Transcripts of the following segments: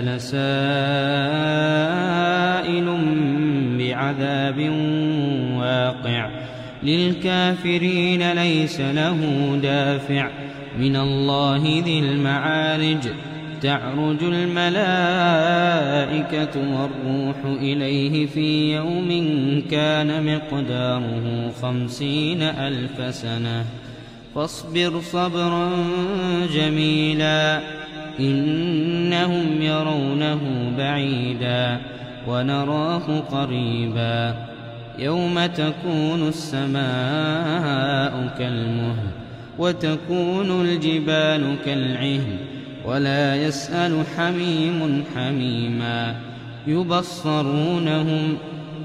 سأل سائل بعذاب واقع للكافرين ليس له دافع من الله ذي المعارج تعرج الملائكة والروح إليه في يوم كان مقداره خمسين ألف سنة فاصبر صبرا جميلا إنهم يرونه بعيدا ونراه قريبا يوم تكون السماء كالمهل وتكون الجبال كالعهن ولا يسأل حميم حميما يبصرونهم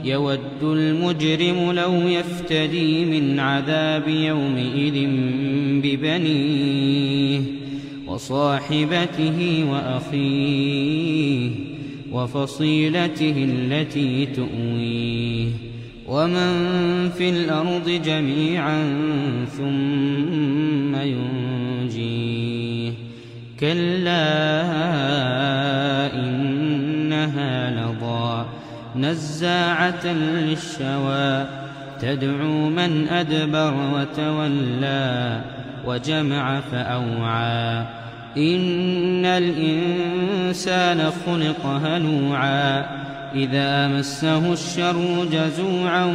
يود المجرم لو يفتدي من عذاب يومئذ ببنيه وصاحبته وأخيه وفصيلته التي تؤويه ومن في الأرض جميعا ثم ينجيه كلا إنها لضا نزاعة للشوى تدعو من أدبر وتولى وجمع فأوعى إن الإنسان خلق هلوعا إذا مسه الشر جزوعا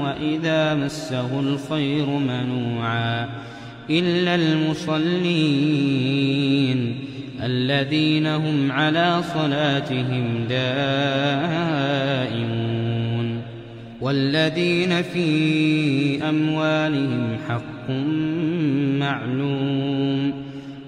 وإذا مسه الخير منوعا إلا المصلين الذين هم على صلاتهم دائمون والذين في أموالهم حق معلوم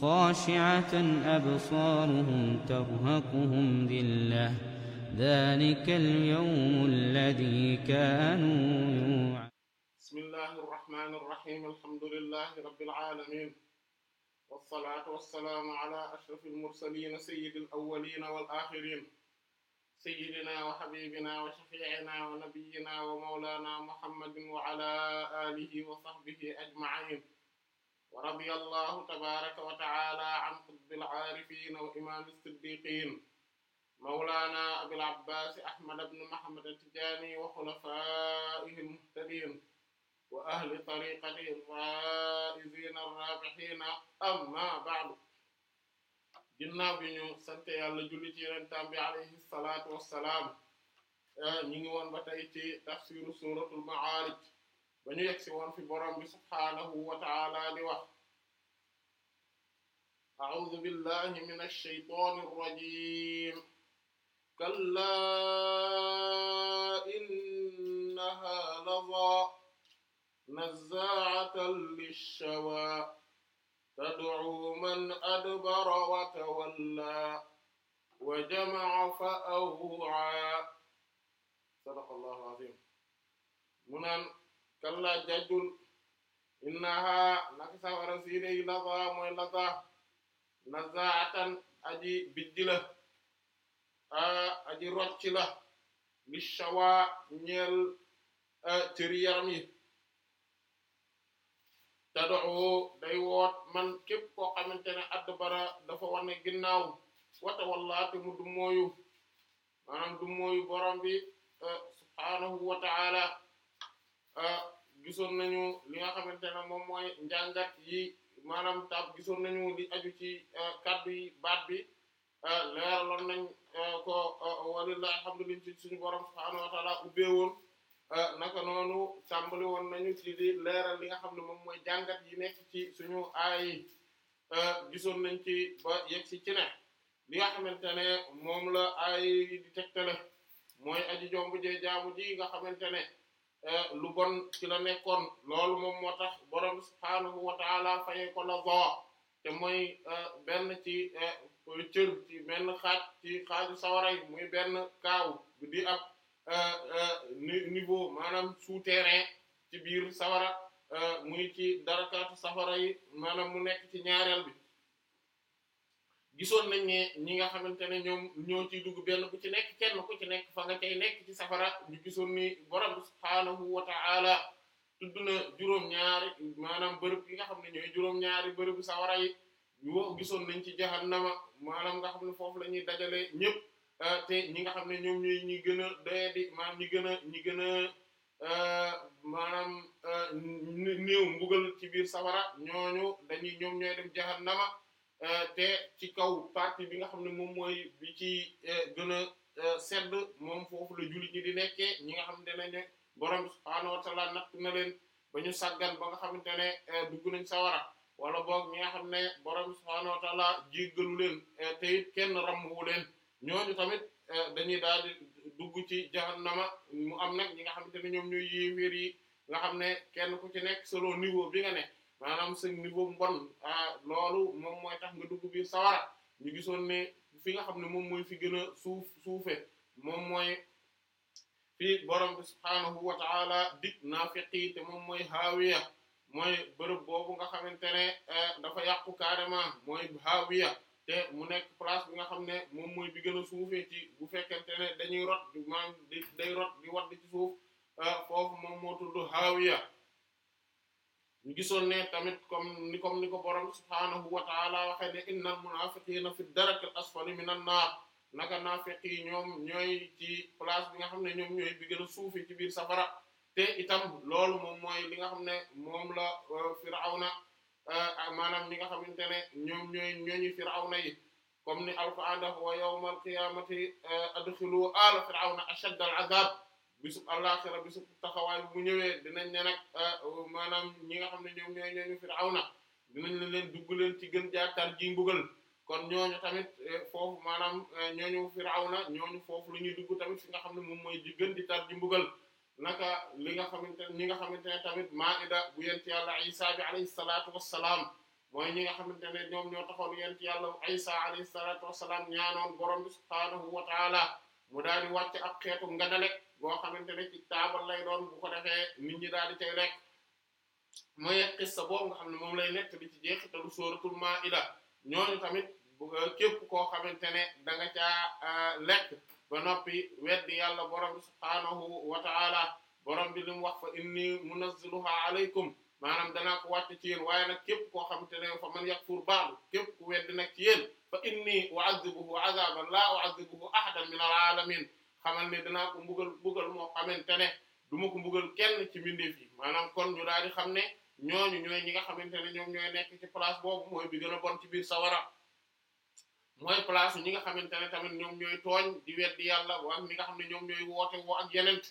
خاشعة أبصارهم ترهقهم ذلة ذلك اليوم الذي كانوا يوعدون بسم الله الرحمن الرحيم الحمد لله رب العالمين والصلاة والسلام على أشرف المرسلين سيد الأولين والآخرين سيدنا وحبيبنا وشفيعنا ونبينا ومولانا محمد وعلى آله وصحبه أجمعين wa radiya allahu tabaraka wa taala an qutbil aarifin wa imam siddiqin mawlana abil abbas ahmad ibn muhammad tijani wa xulafaihi muhtadin wa ahli tariqatihi raizina arrabihina amma ba'du ginnaaw bi ñu sante yàlla julli ci yenentaan bi alayhi salaatu wassalaam eh, ñu ngi woon ba tey ci tafsiru suratul ma'aarij ba ñu yegg si woon fi borom bi subhaanahu wa ta'ala di wax a'uudu billahi min ash-shaytaani ar-rajiim kallaa innahaa lazaa nazzaa'atan lish-shawaa tad'uu man adbara wa tawallaa wa jama'a fa aw'aa sadaqallaahu al-'aziim mu naan kalla jajjul innaha naka sawara si day laza mooy laza nazaatan aji bijji aji rocci li shawa ñeel cëri yaram yi tad'u day woot man képp koo xamante ne adbara dafa wane ginnaaw wata wallaati mu dummóoyu maanaam dummóoyu borom bi subhaanahu wa Ah, gisoon nañu li nga xamante ne moom mooy njàngat yi maanaam tab gisoon nañu li aju ci ah, kaddu yi baat bi ah, leeraloon nañ ko walillahi alhamdulillah ci suñu borom subhaanahu wa taala ubbeewoon naka noonu tàmbali woon nañu ci di leeral li nga xam ne moom mooy jàngat yi nekk ci suñu aay gisoon nañ ci ba ci ne li nga xamante ne la aay di tegtale mooy aji jomb jee jaamu di nga xamante ne Eh, lu bon ci la nekkoon loolu moom moo tax borom subhaanahu wa taala faye ko te mooy eh, benn ci eh, cër ci benn xaaj ci xaaju sawara yi muy benn kaaw di ab niveau maanaam souterrain ci biir sawara muy ci darakaatu safara yi maanaam mu nekk ci ñaareel bi gisoon nañ ne ñi nga xamante ne ñoom ñoo ciy dugg benn ku ci nekk kenn ku ci nekk fa nga cay nekk ci safara ñu gisoon ni borom subhaanahu wa ta'ala tudd na juróom-ñaari maanaam bërëb ki nga xam ne ñooy juróom-ñaari bërëbu safara yi gisoon nañ ci jahannama maanaam nga xam foofu la dajale ñëpp ah, te ñi nga xam ne ñoom ñooy ñi gën a doyadi maanaam ñi gën a ñi gën a ah, maanaam ah, néew mbugal ci biir safara ñooñu dañuy ñoom ñooy dem jahannama Euh, te ci kaw partie bi nga xam ne moom mooy bi ci euh, gën a euh, sedd moom foofu la jullit ñi di nekkee ñi nga xam ne ne borom subhaanahu wa ta'ala natt na leen ba ñu sàggan ba nga xamante ne dugg nañ sawara wala boog ñi nga xam ne borom subhaanahu wa ta'ala jéggalu leen te it kenn rammuwu leen ñooñu tamit dañuy daal dugg ci jahannama mu am nag ñi nga xamante ne ñoom ñooy yéeféer yi nga xam ne kenn ku ci nekk solo niveau bi nga ne maanaam sa niveau mbon ah loolu moom mooy tax nga dugg biir sawara ñu gisoon ne fi nga xam ne moom mooy fi gën a suuf suufe moom mooy fi borom bi subhaanahu wa ta'ala dig naafiqi te moom mooy haawiya mooy bërëb boobu nga xamante ne eh, dafa yàqu carrément mooy haawiya te mu nekk place bi nga xam ne moom mooy bi gën a suufee ci bu fekkente ne dañuy rot maanaam day rot di wadd ci suuf eh, foofu moom moo tudd haawiya ñu gisoon ne tamit comme ni comme ni ko borom subhaanahu wa taala waxee ne innal munaafiqiina fi darakil asfali minan naar naka naafiq ñoom ñooy ci place bi nga xam ne ñoom ñooy bi suufi ci biir safara te itam lool moom mooy li nga xam ne moom la euh, firawna euh, maanaam ñi nga xamante ne ñoom ñooy ñooñu firawna yi comme ni alquran dafa wa yawmal qiyaamati euh, adxilu aala firawna ashadda al azab bisub àllaaxira bisub taxawaay bu ñëwee dinañ ne nag ah, maanaam ñi nga xam ne ñoom ñooy ñooñu Firawna dinañ la leen dugg leen ci gën jaar tar ji mbugal kon ñooñu tamit eh, foofu maanaam eh, ñooñu Firawna ñooñu foofu la ñuy dugg tamit si nga xam ne moom mooy di gën di tar ji mbugal naka li nga xamante ñi nga xamante ne tamit Maa'ida bu yent yàlla Isa bi alayhi salaatu wassalaam mooy ñi nga xamante ne ñoom ñoo taxoon ci yàlla Isa alayhi salaatu wassalaam ñaanoon borom bi subhaanahu wa taala mu daal di wàcc ak xeetu nganale boo xamante ne ci taabal lay doon bu ko defee nit ñi daal di cay lekk mooy xissa boobu nga xam ne moom lay nekk di ci jeexitalu sóoratul Maa'ida ñooñu tamit euh, képp koo xamante ne da nga caa euh, lekk ba noppi weddi yàlla borom bi subhaanahu wa ta'ala borom bi mu wax fa inni munazziluha alaykum maanaam danaa ko wàcc ci yéen waaye nag képp koo xamante ne fa man yakfur ba'du képp ku weddi nag ci yéen fa inni u'azzibuhu 'azaban la u'azzibuhu ahadan min al xamal ne danaa ko mbugal moo xamante ne du ma ko mbugal kenn ci mbindeef yi maanaam kon ñu daal di xam ne ñooñu ñooy ñi nga xamante ne ñoom ñooy nekk ci place boobu mooy bi gën a bon ci biir sawara place ñi nga xamante ne ñoom ñooy tooñ di weddi yàlla ak ñi nga xam ne ñoom ñooy woote woo ak yenent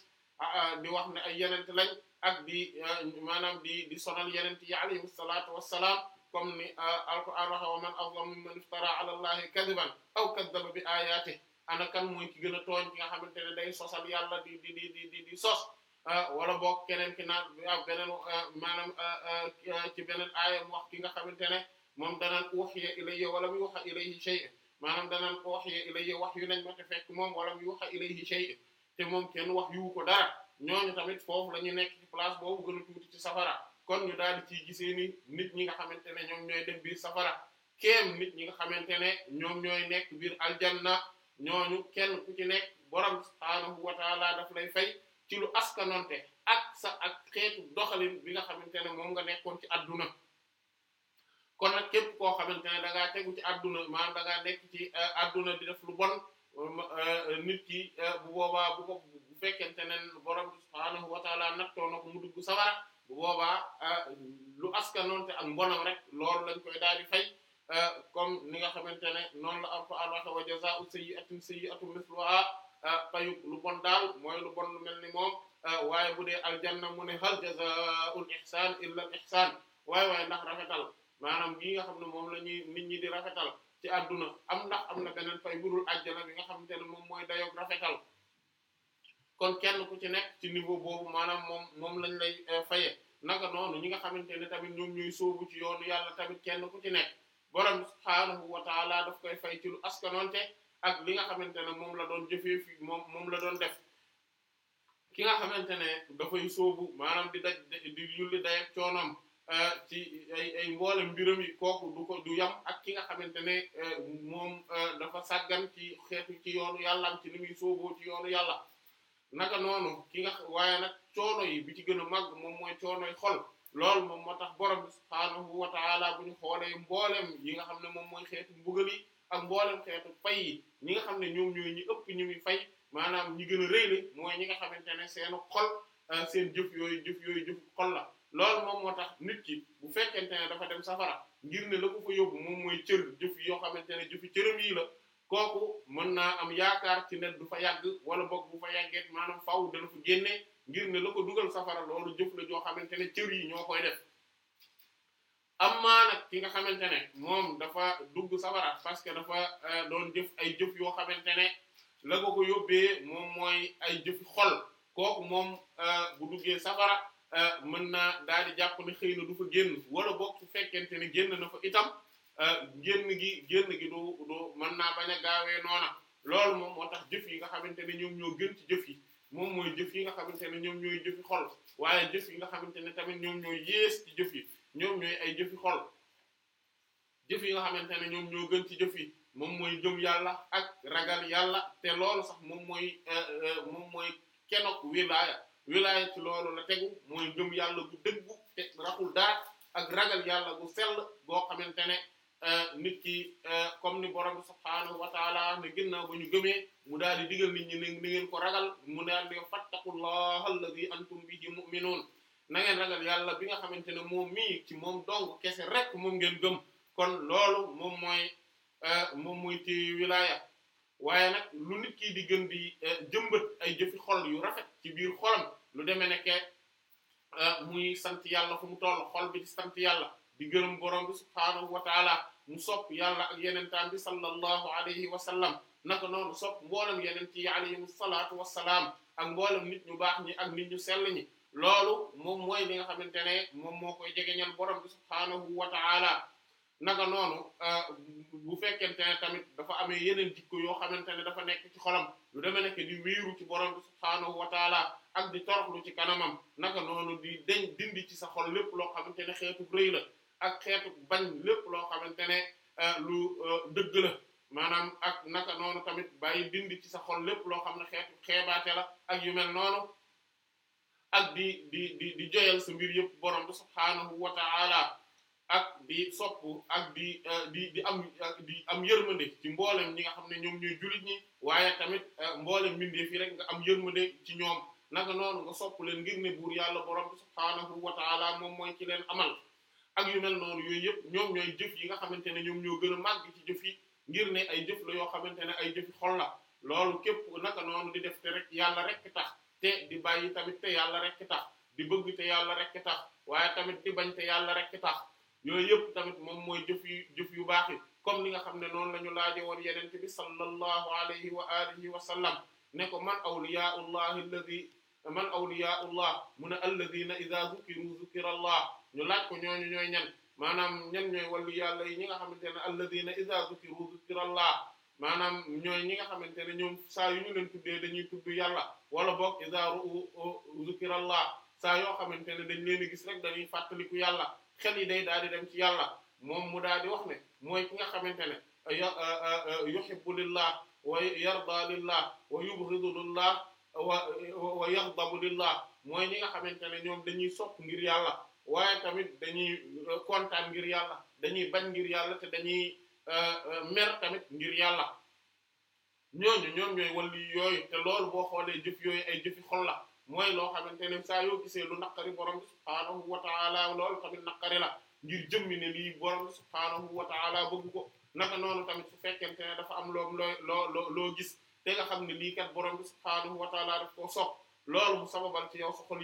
di wax ne ay yenent lañ ak di e, maanaam di di sonal yenent yi alayhi salaatu wassalaam kom ni alquran waxe wa man azlamu man iftara ala kadiban aw kadaba bi ayatihi ana kan mooy ki gën a tooñ ki nga xamante ne day sosal yàlla di di di di di sos ah, wala book keneen ki naan ak ah, beneen ah, maanaam ci beneen aayam wax ki nga xamante ne moom danaan uhiya ilayya wala mu yuha maanaam danaan uhiya ilayya wax yu nañ ma te fekk moom wala mu yuha ilayhi shay'un te moom kenn wax yu ko dara ñooñu tamit foofu la ñu nekk ci place boobu gën a tuuti ci safara kon ñu daal di ciy gisee ni nit ñi nga xamante ne ñoom ñooy dem biir safara kéem nit ñi nga xamante ne ñoom ñooy nekk biir na ñooñu kenn ku ci nekk borom subhaanahu wa taala daf lay fay ci lu askanonte ak sa ak xeetu doxalin bi nga xamante ne moom nga nekkoon ci adduna kon nag képp koo xamante ne da ngaa ci adduna maanaam da ngaa ci adduna euh, di def lu bon euh, nit ki euh, bu boobaa bu ko bu fekkente ne borom subhaanahu wa taala nattoo na ko mu dugg sawara bu boobaa lu askanonte ak mbonam rek loolu lañ koy daal di fay. Euh, comme ni nga xamante ne noonu la alquran waxe wa jazaa'u sayyi'atin sayyi'atun mithluha euh, payuk daal mooy lu lu mel ni moom euh, waaye bu dee aljanna mu ne hal jazaa'ul ihsaan illa al ihsaan waaye waaye ndax rafetal maanaam gi nga xam ne moom la ñuy nit ñi di rafetal ci àdduna am ndax am na beneen fay budul àjjana bi nga xamante ne moom mooy dayoog rafetal kon kenn ku ci nekk ci niveau boobu maanaam moom moom lañ lay faye naka noonu ñi nga xamante ne tamit ñoom ñuy sóobu ci yoonu yàlla tamit kenn ku ci nekk borom subhaanahu wa taala daf koy fay ci lu askanonte ak li nga xamante ne moom la doon jëfee fi moom moom la doon def ki nga xamante ne dafay sóobu maanaam di daj di yulli dayeg coonoom eh, ci ay ay mboole mbiram yi ko du ak ki nga xamante ne eh, moom eh, dafa sàggan ci xeetu ci yoonu yàlla am ci yàlla naka noonu ki nga waaye nag coono yi bi ci gën a màgg moom mooy coonoy xol loolu moom moo tax borom bi subhaanahu wa taala bu ñu xoolee mboolem yi nga xam ne moom mooy xeetu mbugal yi ak mboolem xeetu fay yi ñi nga xam ne ñoom ñooy ñi ëpp ñu muy fay maanaam ñi gën a rëy mooy ñi nga xamante ne seen xol ah, seen jëf yooyu jëf yooyu jëf la loolu moom moo tax nit ki bu fekkente ne dafa dem safara ngir ne la ko fa yóbbu moom mooy cër jëf yoo xamante ne jëfi cëram yi la kooku mën naa am yaakaar ci ne du fa yàgg wala boog bu fa yàggee maanaam faw dana fa génnee ngir ne la ko dugal safara loolu jëf la joo xamante ne cër yi ñoo koy def ammaa ki nga xamante ne moom dafa dugg safara parce que dafa euh, doon jëf ay jëf yoo xamante ne la ko ko yóbbee moom mooy ay jëfi xol kooku moom euh, bu duggee safara euh, mën na daal di jàpp ne xëy na du fa génn wala boog su fekkente ne génn na fa itam génn gi génn gi du du mën naa bañ a noona loolu moom moo tax jëf yi nga xamante ne ñoom ñoo gën ci jëf yi moom mooy jëf yi nga xamante ne ñoom ñooy jëfi xol waaye jëf yi nga xamante ne tamit ñoom ñooy yées jëf yi ñoom ay jëfi xol jëf yi nga xamante ne ñoom ñoo gën ci jëfi yi moom mooy jëm yàlla ak ragal yàlla te loolu sax moom mooy euh, euh, moom mooy kenok wilaaya wilaaya ci loolu la tegu mooy jëm yàlla gu dëggu te raxul dara ak ragal yàlla gu sell boo xamante ne Euh, nit ki euh, comme ni borom subhaanahu wa ne ginnaaw ba ñu gëmee mu daal di digal nit ñi ni ngeen ko ragal mu daal di fattaqullaha alladhi antum bihi mu'minun na ngeen ragal yàlla bi nga xamante ne moom mii ci moom dong kese rek moom ngeen gëm kon loolu moom mooy euh, moom mooy ci wilaya waaye nag lu nit ki di gën di jëmbat ay jëfi xol yu rafet ci biir xolam lu demee nekke muy sant yàlla fu mu toll xol bi di sant yàlla di gërëm borom bi subhaanahu wa taala mu sopp yàlla ak yenentaan bi sallallahu alayhi wa sallam naka noonu sopp mboolem yeneen ci alayhim salaatu wassalaam ak mboolem nit ñu baax ñi ak nit ñu sell ñi loolu moom mooy nga xamante ne moom moo koy jegeñal borom bi subhaanahu wa taala naka noonu euh, bu fekkente ne tamit dafa amee yeneen jikko yoo xamante ne dafa nekk ci xolam di wéeru ci borom bi subhaanahu wa taala ak ci kanamam naka noonu di deñ ci sa xol lépp loo xamante ne xeetu rëy la ak xeetu bañ lépp loo xamante ne euh, lu euh, dëgg la maanaam ak naka noonu tamit bàyyi dindi ci sa xol lépp loo xam ne xeetu xeebaate la ak yu mel noonu ak di di di di sa mbir yëpp borom bi subhaanahu wa ta'ala ak di sopp ak di euh, di di am di am yërmande ci mboolem ñi nga xam ne ñoom ñooy jullit ñi waaye tamit mboolem mbindeef yi rek nga am yërmande ci ñoom naka noonu nga sopp leen ngir ne buur yàlla borom bi subhaanahu wa moom mooy ci leen amal ak yu noonu yooyu yëpp ñoom ñooy jëf yi nga xamante ne ñoom ñoo gën a màgg ci jëf yi ngir ne ay jëf la yoo xamante ne ay jëfi xol la lool képp naka noonu di def te rek yàlla rek tax te di bàyyi tamit te yàlla rek tax di bëgg te yàlla rek tax waaye tamit di bañ te yàlla rek tax yooyu yëpp tamit moom mooy jëf yu jëf yu baax yi comme li nga xam ne noonu la ñu laaje woon yenente bi sallallahu alayhi wa alihi wa sallam ne ko man awliya'ullah alladhi man awliya'ullah mun alladhina idha dhukiru dhukira allah ñu laaj ko ñooñu ñooy ñan maanaam ñan ñooy wàllu yàlla yi ñi nga xamante ne alladina iza zukiru zikirallah maanaam ñooy ñi nga xamante ne ñoom saa yu ñu leen tuddee dañuy tudd yàlla wala boog iza ru'u zikirallah saa yoo xamante ne dañ leen gis rek dañuy fàttaliku yàlla xel yi day daal di dem ci yàlla moom mu daal di ne mooy ki nga xamante ne yuhibbu lillah wa yarda lillah wa yubghidu lillah wa wa yaghdabu mooy ñi nga xamante ne ñoom dañuy sopp ngir yàlla waaye tamit dañuy kontaan ngir yàlla dañuy bañ ngir yàlla te dañuy euh, euh, mer tamit ngir yàlla ñooñu ñoom ñooy walli yooyu te loolu boo xoolee jëf yooyu ay jëfi xol la mooy loo xamante ne saa yoo gisee lu naqari borom subhaanahu wa taala loolu tamit naqari ngir jëmmi ne lii borom subhaanahu bëgg ko naka noonu tamit su fekkente ne dafa am loom looy loo loo gis te nga xam ne lii kat borom subhaanahu wa taala daf koo sopp loolu mu sababal ci yow sa xol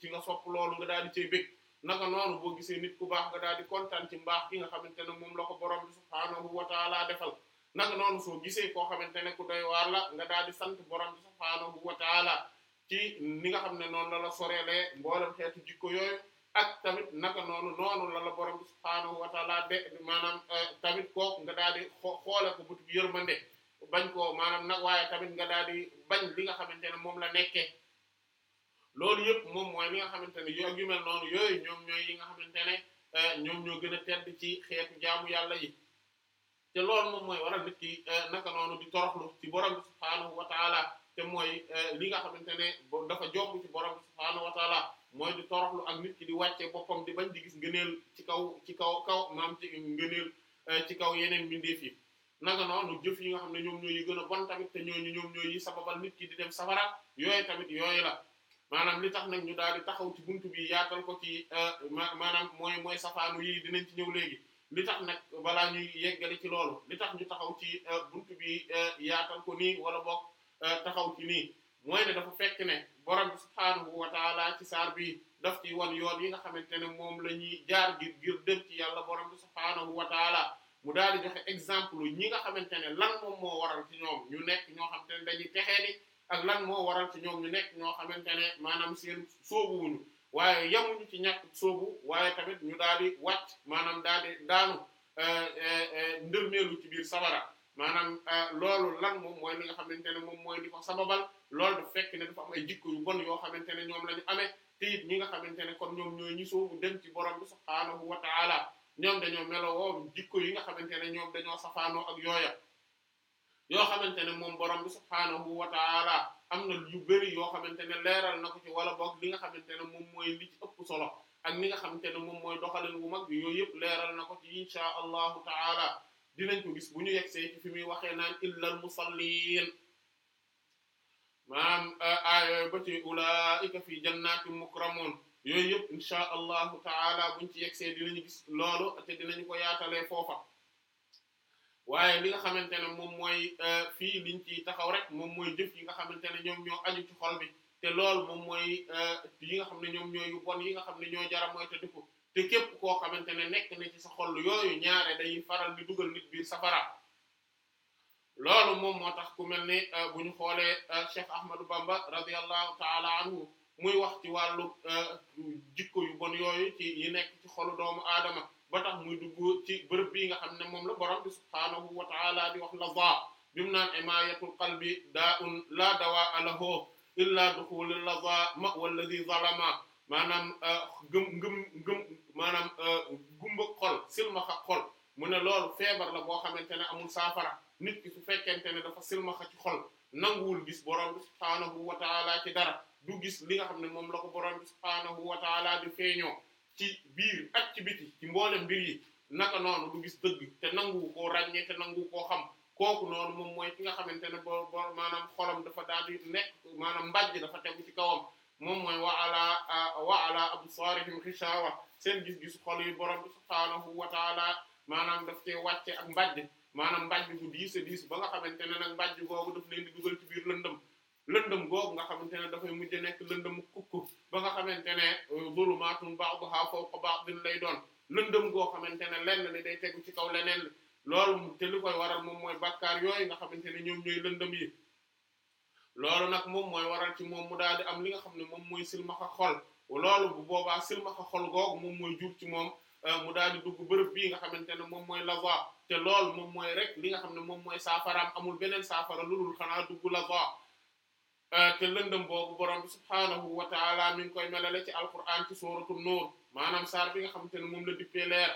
ci nga sopp loolu nga daal di cay bëgg naka noonu boo gisee nit ku baax nga daal di kontaan ci mbaax ki nga xamante ne moom la ko borom bi subhaanahu wa taala defal naka noonu soo gisee koo xamante ne ku doy waar la nga daal di sant borom bi subhaanahu wa taala ci ni nga xam ne noonu la la soreelee mboolem xeetu jikko yooyu ak tamit naka la la borom bi subhaanahu wa taala de maanaam eh, tamit kooku nga daal di xoole ko butu yërmande bañ koo maanaam nag waaye tamit nga daal bañ li nga xamante ne moom la nekkee loolu yëpp moom mooy li nga xamante ne yooyu yu mel noonu yooyu ñoom ñooy yi nga xamante ne eh, ñoom ñoo gën a tedd ci xeetu jaamu yàlla yi te loolu moom mooy waral nit ki eh, naka di toroxlu ci borom bi subhaanahu wa te mooy eh, li nga xamante ne dafa jomb ci borom bi subhaanahu wa mooy di toroxlu ak nit ki di wàcce boppam di bañ di gis ngëneel ci kaw ci kaw kaw maam ci ngëneel ci kaw yeneen mbindeef yi naka noonu jëf yi nga xam ne ñoom ñooy yi gën a bon tamit te ñooñu ñoom ñooy yi sababal nit ki di dem safara yooyu tamit yooyu la maanaam li tax nag ñu daal di taxaw ci buntu bi yaatal ko ci euh, maanaam mooy mooy safaanu yi dinañ ci ñëw léegi li tax nag balaa ñu yeggali ci loolu li tax ñu taxaw ci euh, buntu bi euh, yaatal ko nii wala boog taxaw ci nii mooy ne dafa fekk ne borom subhaanahu wa ci saar bi daf ci wan yoon yi nga xamante ne moom la ñuy jaar ngir ngir dem ci yàlla borom bi subhaanahu wa taala mu daal di joxe exemple ñi nga xamante ne lan moom moo waral ci ñoom ñu nekk ñoo xam te ne dañuy texee ak lan moo waral ci ñoom ñu nekk ñoo xamante ne maanaam seen soobu wuñu waaye yamuñu ci ñàkk soobu waaye tamit ñu daal di wàcc maanaam daal di daanu euh, euh, euh, ndërmeelu ci biir sabara maanaam loolu lan moom mooy li nga xamante ne moom mooy di ko sababal loolu du fekk ne ay jikko yu yoo xamante ne ñoom la ñu amee ñi nga xamante ne kon ñoom ñooy ñi soobu dem ci borom bi subhaanahu wa taala ñoom dañoo melowoo jikko yi nga xamante ne ñoom dañoo safaanoo ak yooya yoo xamante ne moom borom bi subhaanahu wa taala am na yu bari yoo xamante ne leeral na ko ci wala boog li nga xamante ne moom mooy li ci ëpp solo ak ni nga xamante ne moom mooy doxalin wu mag bi yooyu yëpp leeral na ko ci insha allahu taala dinañ ko gis bu ñu yegsee ci fi muy waxee naan illal musalliin maanaam aayooyu ba ci ulaa'ika fi jannatin mukramun yooyu yëpp insha allahu taala buñ ci yegsee dinañu gis loolu te dinañu ko yaatalee foofa waaye li nga xamante ne moom mooy euh, fii liñ ci taxaw rek moom mooy jëf yi nga xamante ne ñoom ñoo aju ci xol bi te lool moom mooy euh, yi nga xam ne ñoom ñooy yu yi nga xam ne ñoo jara mooy te dëkku te képp koo xamante ne nekk na ci sa xol yooyu ñaare day faral di dugal nit biir safara loolu moom moo tax ku mel ni euh, bu ñu xoolee Cheikh Ahmadou Bamba radiyallahu ta'ala anhu muy wax ci wàllu jikko yu bon yooyu ci yi nekk ci xolu doomu aadama ba tax muy dugg ci bërëb bii nga xam ne moom la borom bi subhaanahu wa taala di wax la va bi mu naan imayatul qalbi daa un la dawaa alahu illa duxul la va ma walladi zalama maanaam euh, gëm ngëm ngëm maanaam euh, gumba xol silmaxa xol mu ne loolu feebar la boo xamante ne amul saafara nit ki su fekkente ne dafa silmaxa ci xol nanguwul gis borom bi subhaanahu wa taala ci du gis li nga xam ne moom la ko borom bi subhaanahu wa taala di feeñoo ci biir ak ci biti ci mboolem mbir yi naka noonu du gis dëgg te nangu koo ràññee te nangu koo xam kooku noonu moom mooy ki nga xamante ne boo boo maanaam xolam dafa daal di nekk maanaam mbàjj dafa tegu ci kawam moom mooy wa ala wa ala absaarihim xishawa seen gis-gisu xol yi borom subhaanahu wa taala maanaam daf cee wàcce ak mbàjj maanaam mbàjj bu diis a diis ba nga xamante ne nag mbàjj googu daf leen di dugal ci biir lëndëm lëndëm googu nga xamante ne dafay mujj nekk lëndëm kukku ba nga xamante ne euh, zulumaatun ba'duha fawqa ba'din lay doon lëndëm goo xamante ne lenn li day tegu ci kaw leneen loolu te li koy waral moom mooy bakkaar yooyu nga xamante ne ñoom ñooy lëndëm yi loolu nag moom mooy waral ci moom mu daal di am li nga xam ne moom mooy silmaxa xol loolu bu boobaa silmaxa xol googu moom mooy jur ci moom euh, mu daal di dugg bërëb bii nga xamante ne moom mooy lava te loolu moom mooy rek li nga xam ne moom mooy saafaraam amul beneen saafara lu dul xanaa dugg lava Euh, te lëndëm boobu borom bi subhaanahu wa ngi koy melale ci alquran ci suuratu nuur maanaam saar bi nga xamante ne moom la dippee leer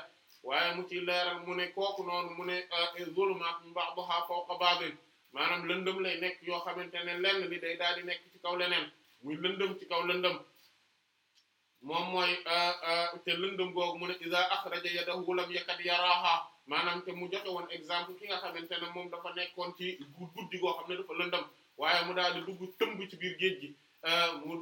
waaye mu ci leeral mu ne kooku noonu mu ne euh, zulumaatun ba'duha fawqa ba'din maanaam lëndëm lay nekk yoo xamante ne lenn li day daal di nekk ci kaw leneen muy lëndëm ci kaw lëndëm moom mooy euh, te lëndëm googu mu ne iza axraja yadahu lam yakad yaraaha maanaam te mu joxe woon exemple ki nga xamante ne moom dafa nekkoon ci guddi goo xam ne dafa lëndëm waaye mu daal di dugg tëmb ci biir géej gi euh, mu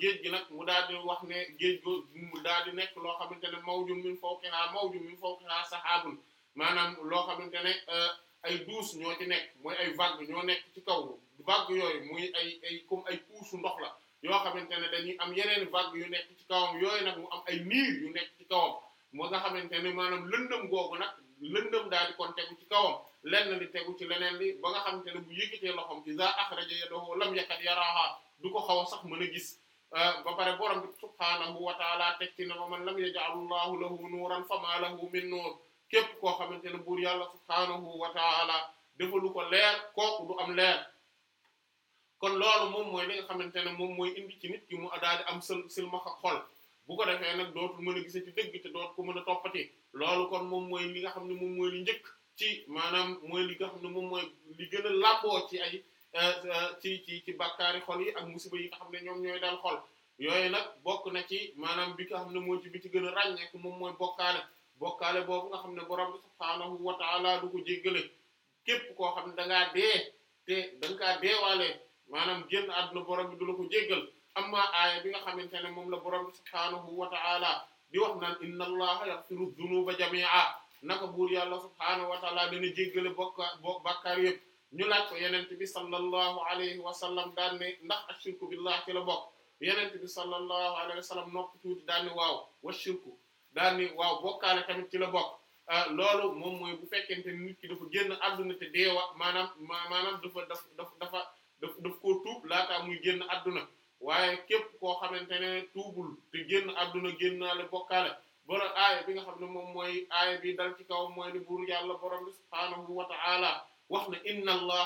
géej gi nag mu daal di wax ne géej go mu daal di nekk loo xamante ne mawjum min fawqiha mawjum min fawqiha sahaabun maanaam loo xamante ne euh, ay duus ñoo ci nekk mooy ay vague ñoo nekk ci kaw vague yooyu muy ay ay comme ay ndox la yoo xamante ne dañuy am yeneen vague yu nekk ci yooyu nag mu am ay niir yu nekk ci kawam moo nga xamante ne maanaam lëndëm googu nag lëndëm daal di kon tegu ci kawam lenn li tegu ci leneen li ba nga xamante ne bu yëkkatee loxoom iza axraja yadahu lam yakad yaraaha du ko xaw a sax mën a gis euh, ba pare borom bi subhaanahu wa taala teg ci ne ma man lam yaj'alullahu lahu nuuran fama lahu min nuur képp koo xamante ne buur yàlla subhaanahu wa taala defalu ko leer ko du am leer kon loolu moom mooy li nga xamante ne moom mooy indi ci nit ki mu daal di am sël silmaxa xol bu ko defee nag mën a gisee ci dootu ko mën a toppati loolu kon moom mooy li nga xam ne moom mooy li njëkk ci maanaam mooy li nga xam ne moom mooy li gën a làmboo ci ay euh, ci ci ci bàkkaari xol yi ak musiba yi nga xam ne ñoom ñooy dal xol yooyu nag bokk na ci maanaam bi nga xam ne moo ci bi ci gën a ràññeeku moom mooy bokkaale bokkaale boobu nga xam ne borom bi subhaanahu wa ta'ala du ko jéggale képp koo xam ne danga ngaa dee te da kaa deewaale maanaam génn àdduna borom du la ko jéggal amma aaya bi nga xamante ne moom la borom bi subhaanahu wa ta'ala di wax naan inna allaha yaghfiru dhunuba jami'a naka buur yàlla subhaanahu wa ta'ala dana jéggale bokka bokk bàkkaar yëpp ñu laaj ko yenente bi sallallahu alayhi wa sallam daan ne ndax ashirku billah ci la bokk yenente bi sallallahu alayhi wa sallam noppi tuuti daan ne waaw wa shirku daan ne waaw bokkaale tamit ci la bokk euh, loolu moom mooy bu fekkente ni nit ki dafa génn adduna te deewa maanaam maanaam dafa daf daf dafa daf daf koo tuub laataa muy génn adduna waaye képp koo xamante ne tuubul te génn àdduna génnaale bokkaale bara aaya bi nga xam ne moom mooy aaya bi dal ci kaw mooy ni buur yàlla borom bi subhaanahu wa ta'ala wax na inna wa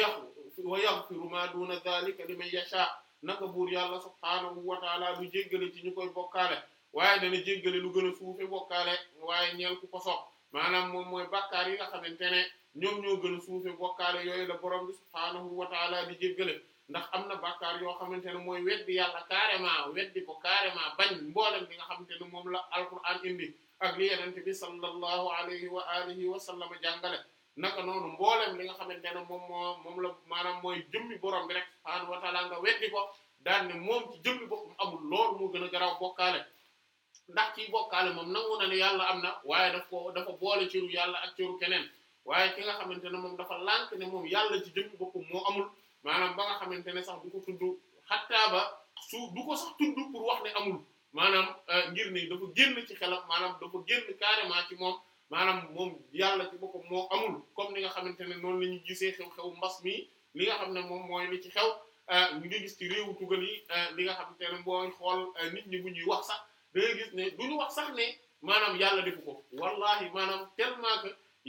yaq wa yaghfiru ma duna dhalika liman yasha naka buur yàlla subhaanahu wa ta'ala du jéggale ci ñu koy bokkaale waaye dana jéggale lu gën a suufe bokkaale waaye ñeel ku ko sopp maanaam moom mooy bakkaar yi nga xamante ne ñoom ñoo gën a suufe bokkaale yooyu la borom bi subhaanahu wa ta'ala di jéggale ndax am na bàkkaar yoo xamante ne mooy weddi yàlla carrément weddi ko carrément bañ mboolem bi nga xamante ne moom la alquran indi ak li yenente bi sallallahu alayhi wa alihi wa sallama jàngale naka noonu mboolem nga xamante ne moom moo moom la maanaam mooy jëmmi borom bi rek subhaanahu wa taala nga weddi ko daan ne moom ci jëmmi boppam moo gën a garaaw bokkaale ndax ci bokkaale moom nangu na ne yàlla am na waaye daf ko dafa boole ciru yàlla ak ciru keneen waaye ki nga xamante ne moom dafa lànk ne yàlla ci jëmmi boppam moo amul maanaam ba nga xamante ne sax du ko tudd xattaa ba su du ko sax tudd pour wax ne amul maanaam euh, ngir ne dafa génn ci xelam maanaam dafa génn carrément ci moom maanaam moom yàlla ci boppam moo amul comme ni nga xamante ne noonu la ñu gisee xew-xew mbas mi li nga xam ne moom mooy li ci xew euh, ñu ngi gis ci réewu tugal yi euh, li nga xam ne booy xool nit ñi bu ñuy wax sax da gis ne du ñu wax sax ne maanaam yàlla defu ko wallahi maanaam tellement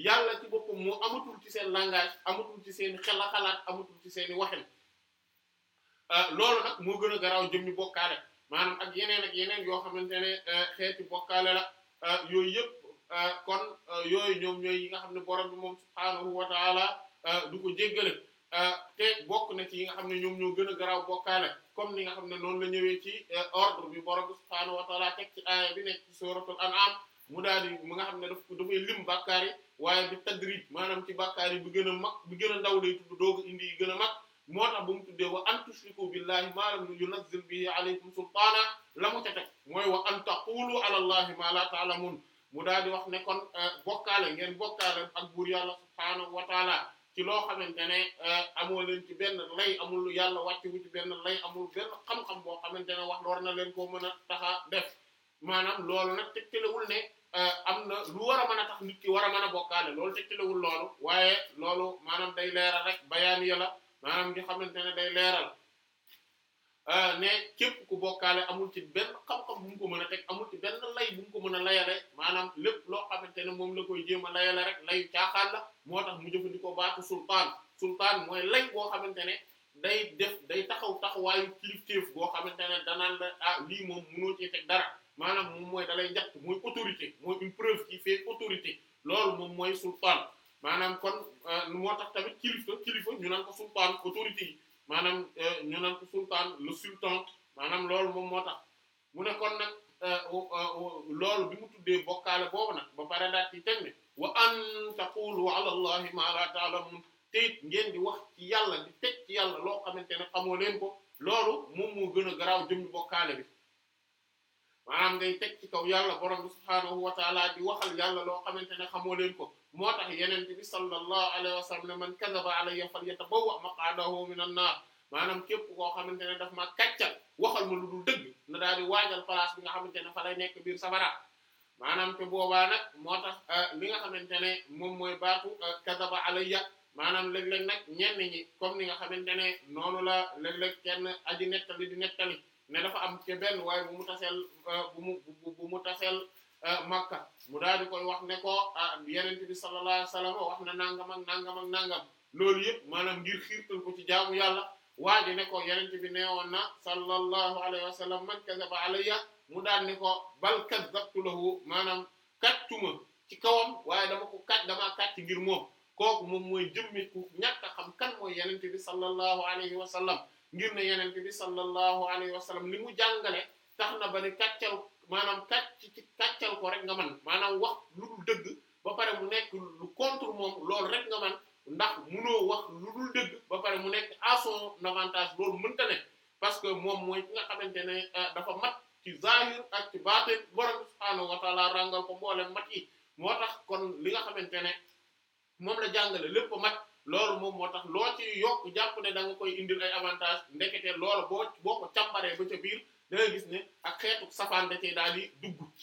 yàlla ci boppam mu amatul ci seen langage amatul ci seen xel a xalaat amatul ci seen i waxin euh, loolu nag moo gën a garaaw jëm ñu bokkaale maanaam ak yeneen ak yeneen yoo xamante ne euh, xeeti bokkaale la euh, yooyu yëpp kon yooyu ñoom ñooy yi nga xam ne borom bi moom subhaanahu wa taala du ko jéggale te bokk na ci yi nga xam ne ñoom ñoo gën a garaaw bokkaale comme ni nga xam ne noonu la ñëwee ci ordre bi borom bi subhaanahu teg ci aaya bi nekk ci suratul an'am mu daal ma nga xam ne daf dafay lim bàkkaar yi waaye bi tadrij maanaam ci bàkkaar yi bi gën a mag bi gën a ndaw lay tudd dooga indi yi gën a mag moo tax ba mu tuddee wa an tushriku billahi ma lam yunazzil bihi alaykum sultaana la mu ca teg mooy wa an taqulu ala allahi ma la ta'lamun mu daal di wax ne kon euh, bokkaale ngeen bokkaale ak buur yàlla subhaanahu wa taala ci loo xamante ne euh, amoo leen ci benn lay amul yàlla wàcc wu ci benn lay amul benn xam-xam boo xamante ne wax door na leen koo mën a taxa def maanaam loolu nag tegtalewul ne euh, am na lu war a mën a tax nit ki war a mën a bokkaale loolu tegtalewul loolu waaye loolu maanaam day leeral rek bayaan ya la maanaam xamante ne day leeral euh, ne képp ku bokkaale amul ci benn xam mu ko mën a teg amul ci benn lay bu mu ko mën lépp loo xamante ne moom la koy jéem a layale rek layu caaxaan la moo tax mu jëfandikoo baatu sultaan sultaan mooy lay boo xamante ne day def day taxaw taxawaayu kilifteef boo xamante ne danaan la ah, lii moom mënoo cee teg dara maanaam moom mooy dalay njàpp mooy autorité mooy une preuve qui autorité loolu moom mooy sultaan maanaam kon euh, moo tax tamit kilifa kilifa ñu naan ko sultaan autorité yi maanaam euh, ñu naan ko sultaan le sultan maanaam loolu moom moo tax mu ne kon nag euh, loolu bi mu tuddee bokkaale boobu nag ba pare daal ci teg ne wa an taqulu ala allahi ma la ta'lamun te it ngeen di wax ci yàlla di teg ci yàlla loo xamante ne xamoo leen ko loolu moom moo gën a garaaw jëm bokkaale bi maanaam ngay teg ci kaw yàlla borom bi subhaanahu wa taala waxal yàlla loo xamante ne xamoo leen ko moo tax yeneen bi sallallahu alayhi wa sallam ne man kadaba alayya falyatabawwa maq'adahu minan naar maanaam képp koo xamante ne daf ma kàccal waxal ma lu dul dëgg na daal di waajal place bi nga xamante ne fa biir safara maanaam te boobaa nag moo tax euh, li nga xamante ne moom mooy baatu euh, kadaba alayya maanaam léeg-léeg nag ñenn ñi comme ni nga xamante ne noonu la léeg-léeg kenn aji nettali di nettali ne dafa am te benn waaye bu mu taseel euh, bu mu bu mu taseel euh, Makka mu daal di koy wax ne ko ah, Yonent bi sallallahu alayhi wasallam na nangam ak nangam nangam loolu yëpp maanaam ngir xiirtal ko yàlla waa ji ne ko Yonent bi neewoon na sallallahu alayhi wasallam ba kadaba alayya mu daal ne ko bal kadabtu lahu maanaam kàttuma ci kawam waaye dama ko kàtt damaa kàtt ngir moom kooku moom mooy jëmmi ku ñàkk a xam kan mooy Yonent bi sallallahu alayhi wasallam ngir ne yenente bi sallallahu alayhi wa sallam li mu jàngale tax na ba ne kàccal maanaam kàcc ci kàccal ko rek nga man maanaam wax lu dul dëgg ba pare mu nekk lu contre moom loolu rek nga man ndax munoo wax lu dul dëgg ba pare mu nekk à son avantage loolu mënta parce que moom mooy ki nga xamante ne euh, dafa mat ci zahir ak ci baatin borom subhaanahu wa ta'ala rangal ko mboolem mat yi moo tax kon li nga xamante ne moom la jàngale lépp mat loolu moom moo tax loo ci yokk jàpp ne da nga koy indi ay avantage ndekete loolu boo boo ko càmbaree ba ca biir da gis ne ak xeetu safaan da cee daal di dugg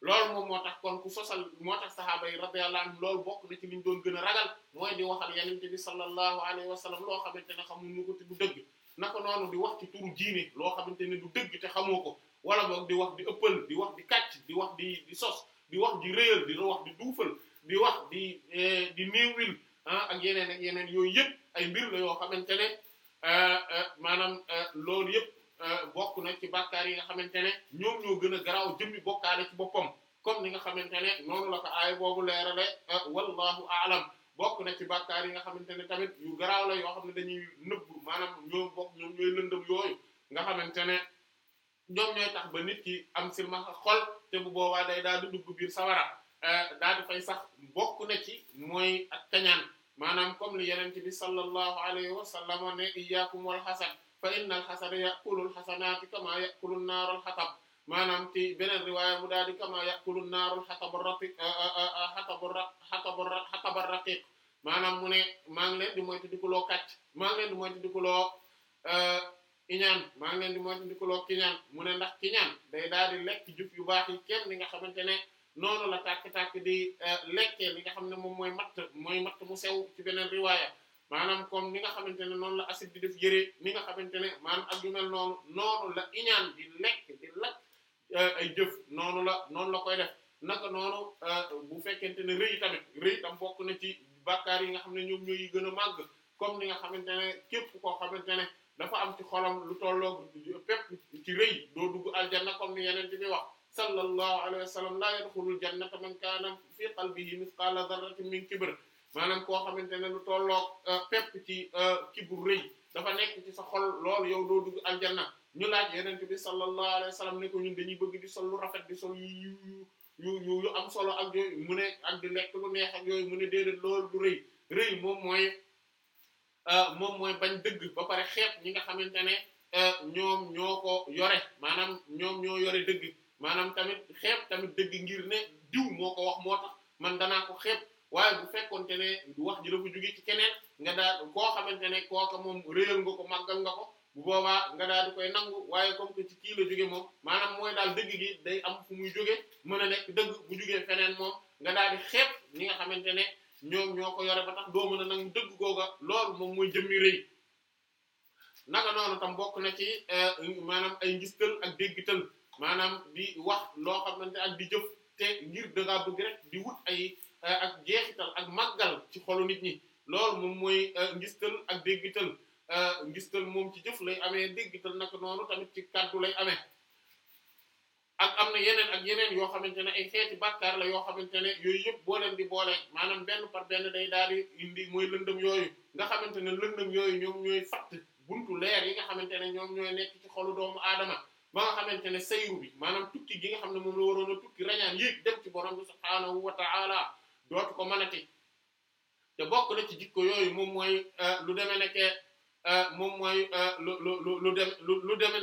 loolu moom moo tax kon ku sosal moo tax sahaaba yi radiyallahu anhum loolu bokk na ci liñ doon gën a ragal mooy di waxal yenente bi sallallahu alayhi wa sallam loo xamante ne xamuñu ko te du dëgg naka noonu di wax ci turu diine loo xamante ne du dëgg te xamoo ko wala boog di wax di ëppal di wax di kàcc di wax di di sos di wax di réyal di wax di duufal di wax di eh, di niiwil ah ak yeneen ak yeneen yooyu yëpp ay mbir la yoo xamante ne ah, ah, maanaam ah, loolu yëpp bokk na ci bàkkaar yi nga xamante ne ñoom ñoo gën a garaaw jëmmi bokkaale ci boppam comme ni nga xamante ne noonu la ko aay boobu leerale wallahu aalam bokk na ci bàkkaar yi nga xamante ne tamit garaaw la yoo xam ne dañuy nëbb maanaam bokk ñoom ñooy nga xamante ne ñoom tax ba nit ki am silmaxa xol te bu boobaa day daal di dugg biir sawara daal di fay sax bokk na ci mooy ak kañaan maanaam comme li yenente bi sallallahu alayhi wa sallam ne iyyakum wal xasan fa inna al xasana yakulul xasanaati kama yakulun naarul xatab maanaam ci beneen riwaaya mu daal di kama yakulun naarul xatabu raqiq xatabu xatabu xatabu raqiq maanaam mu ne maa ngi leen di moytu dikuloo kàcc maa ngi leen di moytu dikuloo kiñaan maa ngi leen di moytu dikuloo kiñaan mu ne ndax kiñaan day daal di lekk jub yu baax yi kenn li nga xamante ne noonu la tàkk-tàkk di lekkee li nga xam ne moom mooy matt mooy matt mu sew ci beneen riwaaya maanaam comme ni nga xamante ne noonu la acide di def yëre ni nga xamante ne maanaam ak yu mel noonu iñaan di lekk di lakk ay jëf noonu la noonu la koy def naka noonu bu fekkente ne rëy tamit rëy tam bokk na ci bàkkaar yi nga xam ne ñoom ñooy gën a màgg comme ni nga xamante ne képp koo xamante ne dafa am ci xolam lu tolloog pépp ci rëy doo dugg aljanna comme ni yeneen bi wax sallallahu alayhi wa sallam la yadxulul jannata man kaana fi qalbihi dara dharratin min kibr maanaam koo xamante ne lu tolloog euh, pepp ci euh, kibr rëy dafa nekk ci sa xol lool yow doo dugg aljanna ñu laaj yonent bi sallallahu alayhi wa sallam ne ñun dañuy bëgg di sol lu rafet di sol yu yu yu am solo ak yooyu mu ne ak di lekk lu neex ak yooyu mu ne déedéet loolu du rëy rëy moom mooy euh, moom mooy bañ dëgg ba pare xeet ñi nga xamante ne ñoom ñoo ko yore maanaam ñoom ñoo yore dëgg. maanaam tamit xeeb tamit dëgg ngir ne diw moo ko wax moo tax man danaa ko xeeb waaye bu fekkonte ne wax ji dafa jóge ci keneen nga daal koo xamante ne kooka moom réyal nga ko màggal nga ko bu boobaa nga daal di koy nangu waaye comme kii la jóge moom maanaam mooy daal dëgg gi day am fu muy jóge mën a nekk dëgg bu jógee feneen moom nga daal di xeeb nga xamante ne ñoom ñoo ko yore ba tax doo mën a nangu dëgg googa loolu moom mooy jëmmi rëy naka noonu tam bokk na ci eh, maanaam ay ngistal ak déggital maanaam di wax loo xamante ak di jëf te ngir dëgga bëgg rek di wut ay eh, ak jeexital ak màggal ci xolu nit ñi loolu moom mooy eh, ngistal ak déggital eh, ngistal moom ci jëf lay amee déggital naka noonu tamit ci kàddu lay amee ak am na yeneen ak yeneen yoo xamante ne ay xeeti bàkkaar la yoo xamante ne yooyu yëpp boo leen di boole maanaam benn par benn day daal di indi mooy lëndëm yooyu nga xamante ne lëndëm yooyu ñoom ñooy fatt buntu leer yi nga xamante ne ñoom ñooy nekk ci doomu aadama ba nga xamante ne sayru bi maanaam tukki gi nga xam ne moom la waroon a tukki rañaan yéeg dem ci borom bi subhaanahu wa ta'ala dootu ko mënati te bokk na ci jikko yooyu moom mooy euh, lu deme nekke euh, moom mooy euh, lu lu lu lu dem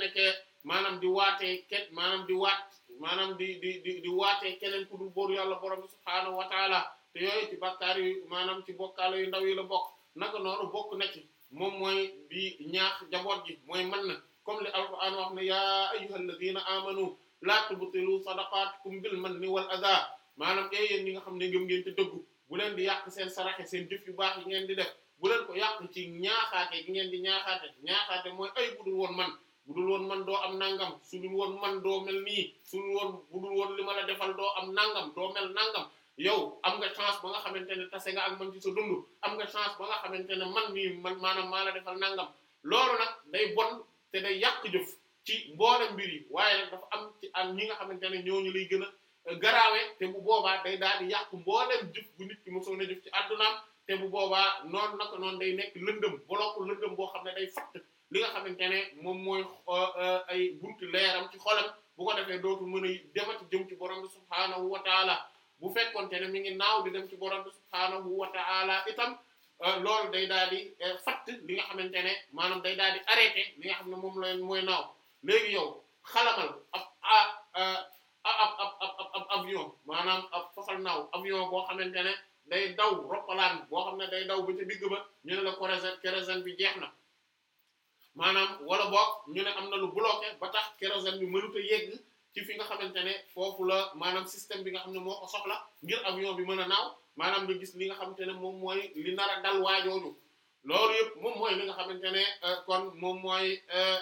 maanaam di waatee ket maanaam di waat maanaam di di di waate waatee keneen ku dul booru yàlla borom subhaanahu wa ta'ala te yooyu ci bakkaar yu maanaam ci bokkaala yu ndaw yi la bokk naka noonu bokk na ci moom mooy di ñaax jaboot ji mooy mën na comme li alquran wax ne yaa ayyuhal ladina amanu la tubtilu sadaqatukum bil manni wal adha maanaam ee eh, yéen ñi nga xam ne ngëm ngeen te dëggu bu leen di yàq seen saraxe seen jëf yu baax yi ngeen di def bu leen ko yàq ci ñaaxaate gi ngeen di ñaaxaate ñaaxaate mooy ay budul woon man budul woon man doo am nangam su dul woon man doo mel nii su dul woon budul woon li ma la defal doo am nangam doo mel nangam yow am nga chance ba nga xamante ne tase nga ak man ci sa dun am nga chance ba nga xamante ne man mii man maanaam maa la defal nangam te day yàq jëf ci mboolem mbir waaye nag dafa am ci am ñi nga xamante ne ñooñu lay gën a euh, garaawee te bu boobaa day daal di yàq mboolem jëf bu nit ki mosoon a jëf ci addunaam te bu boobaa noonu nag noon day nekk lëndëm bolok lëndëm boo xam ne day fatt li nga xamante ne moom mooy euh, euh, ay buntu leeram ci xolam bu ko defee dootul mën a demati jëm ci borom bi subhaanahu wa taala bu fekkonte ne mi ngi naaw di dem ci borom bi subhaanahu wa itam. Euh, loolu day daal di euh, fatt li nga xamante ne maanaam day daal di arrêté li nga xam ne moom la mooy naaw léegi yow xalamal ab ab ab ab avion maanaam ab fafal naaw avion boo xamante ne day daw roppalaan boo xam ne day daw ba ca digg ba ñu ne la kérosène kérosène bi jeex na maanaam wala boog ñu ne am na lu bloqué ba tax kérosène bi mënut a yegg ci fi nga xamante ne foofu la maanaam système bi nga xam ne moo ko soxla ngir avion bi mën a naaw maanaam nga gis li nga xamante ne moom mooy li nar a dal waajooju loolu yëpp moom mooy li nga xamante ne euh, kon moom mooy euh,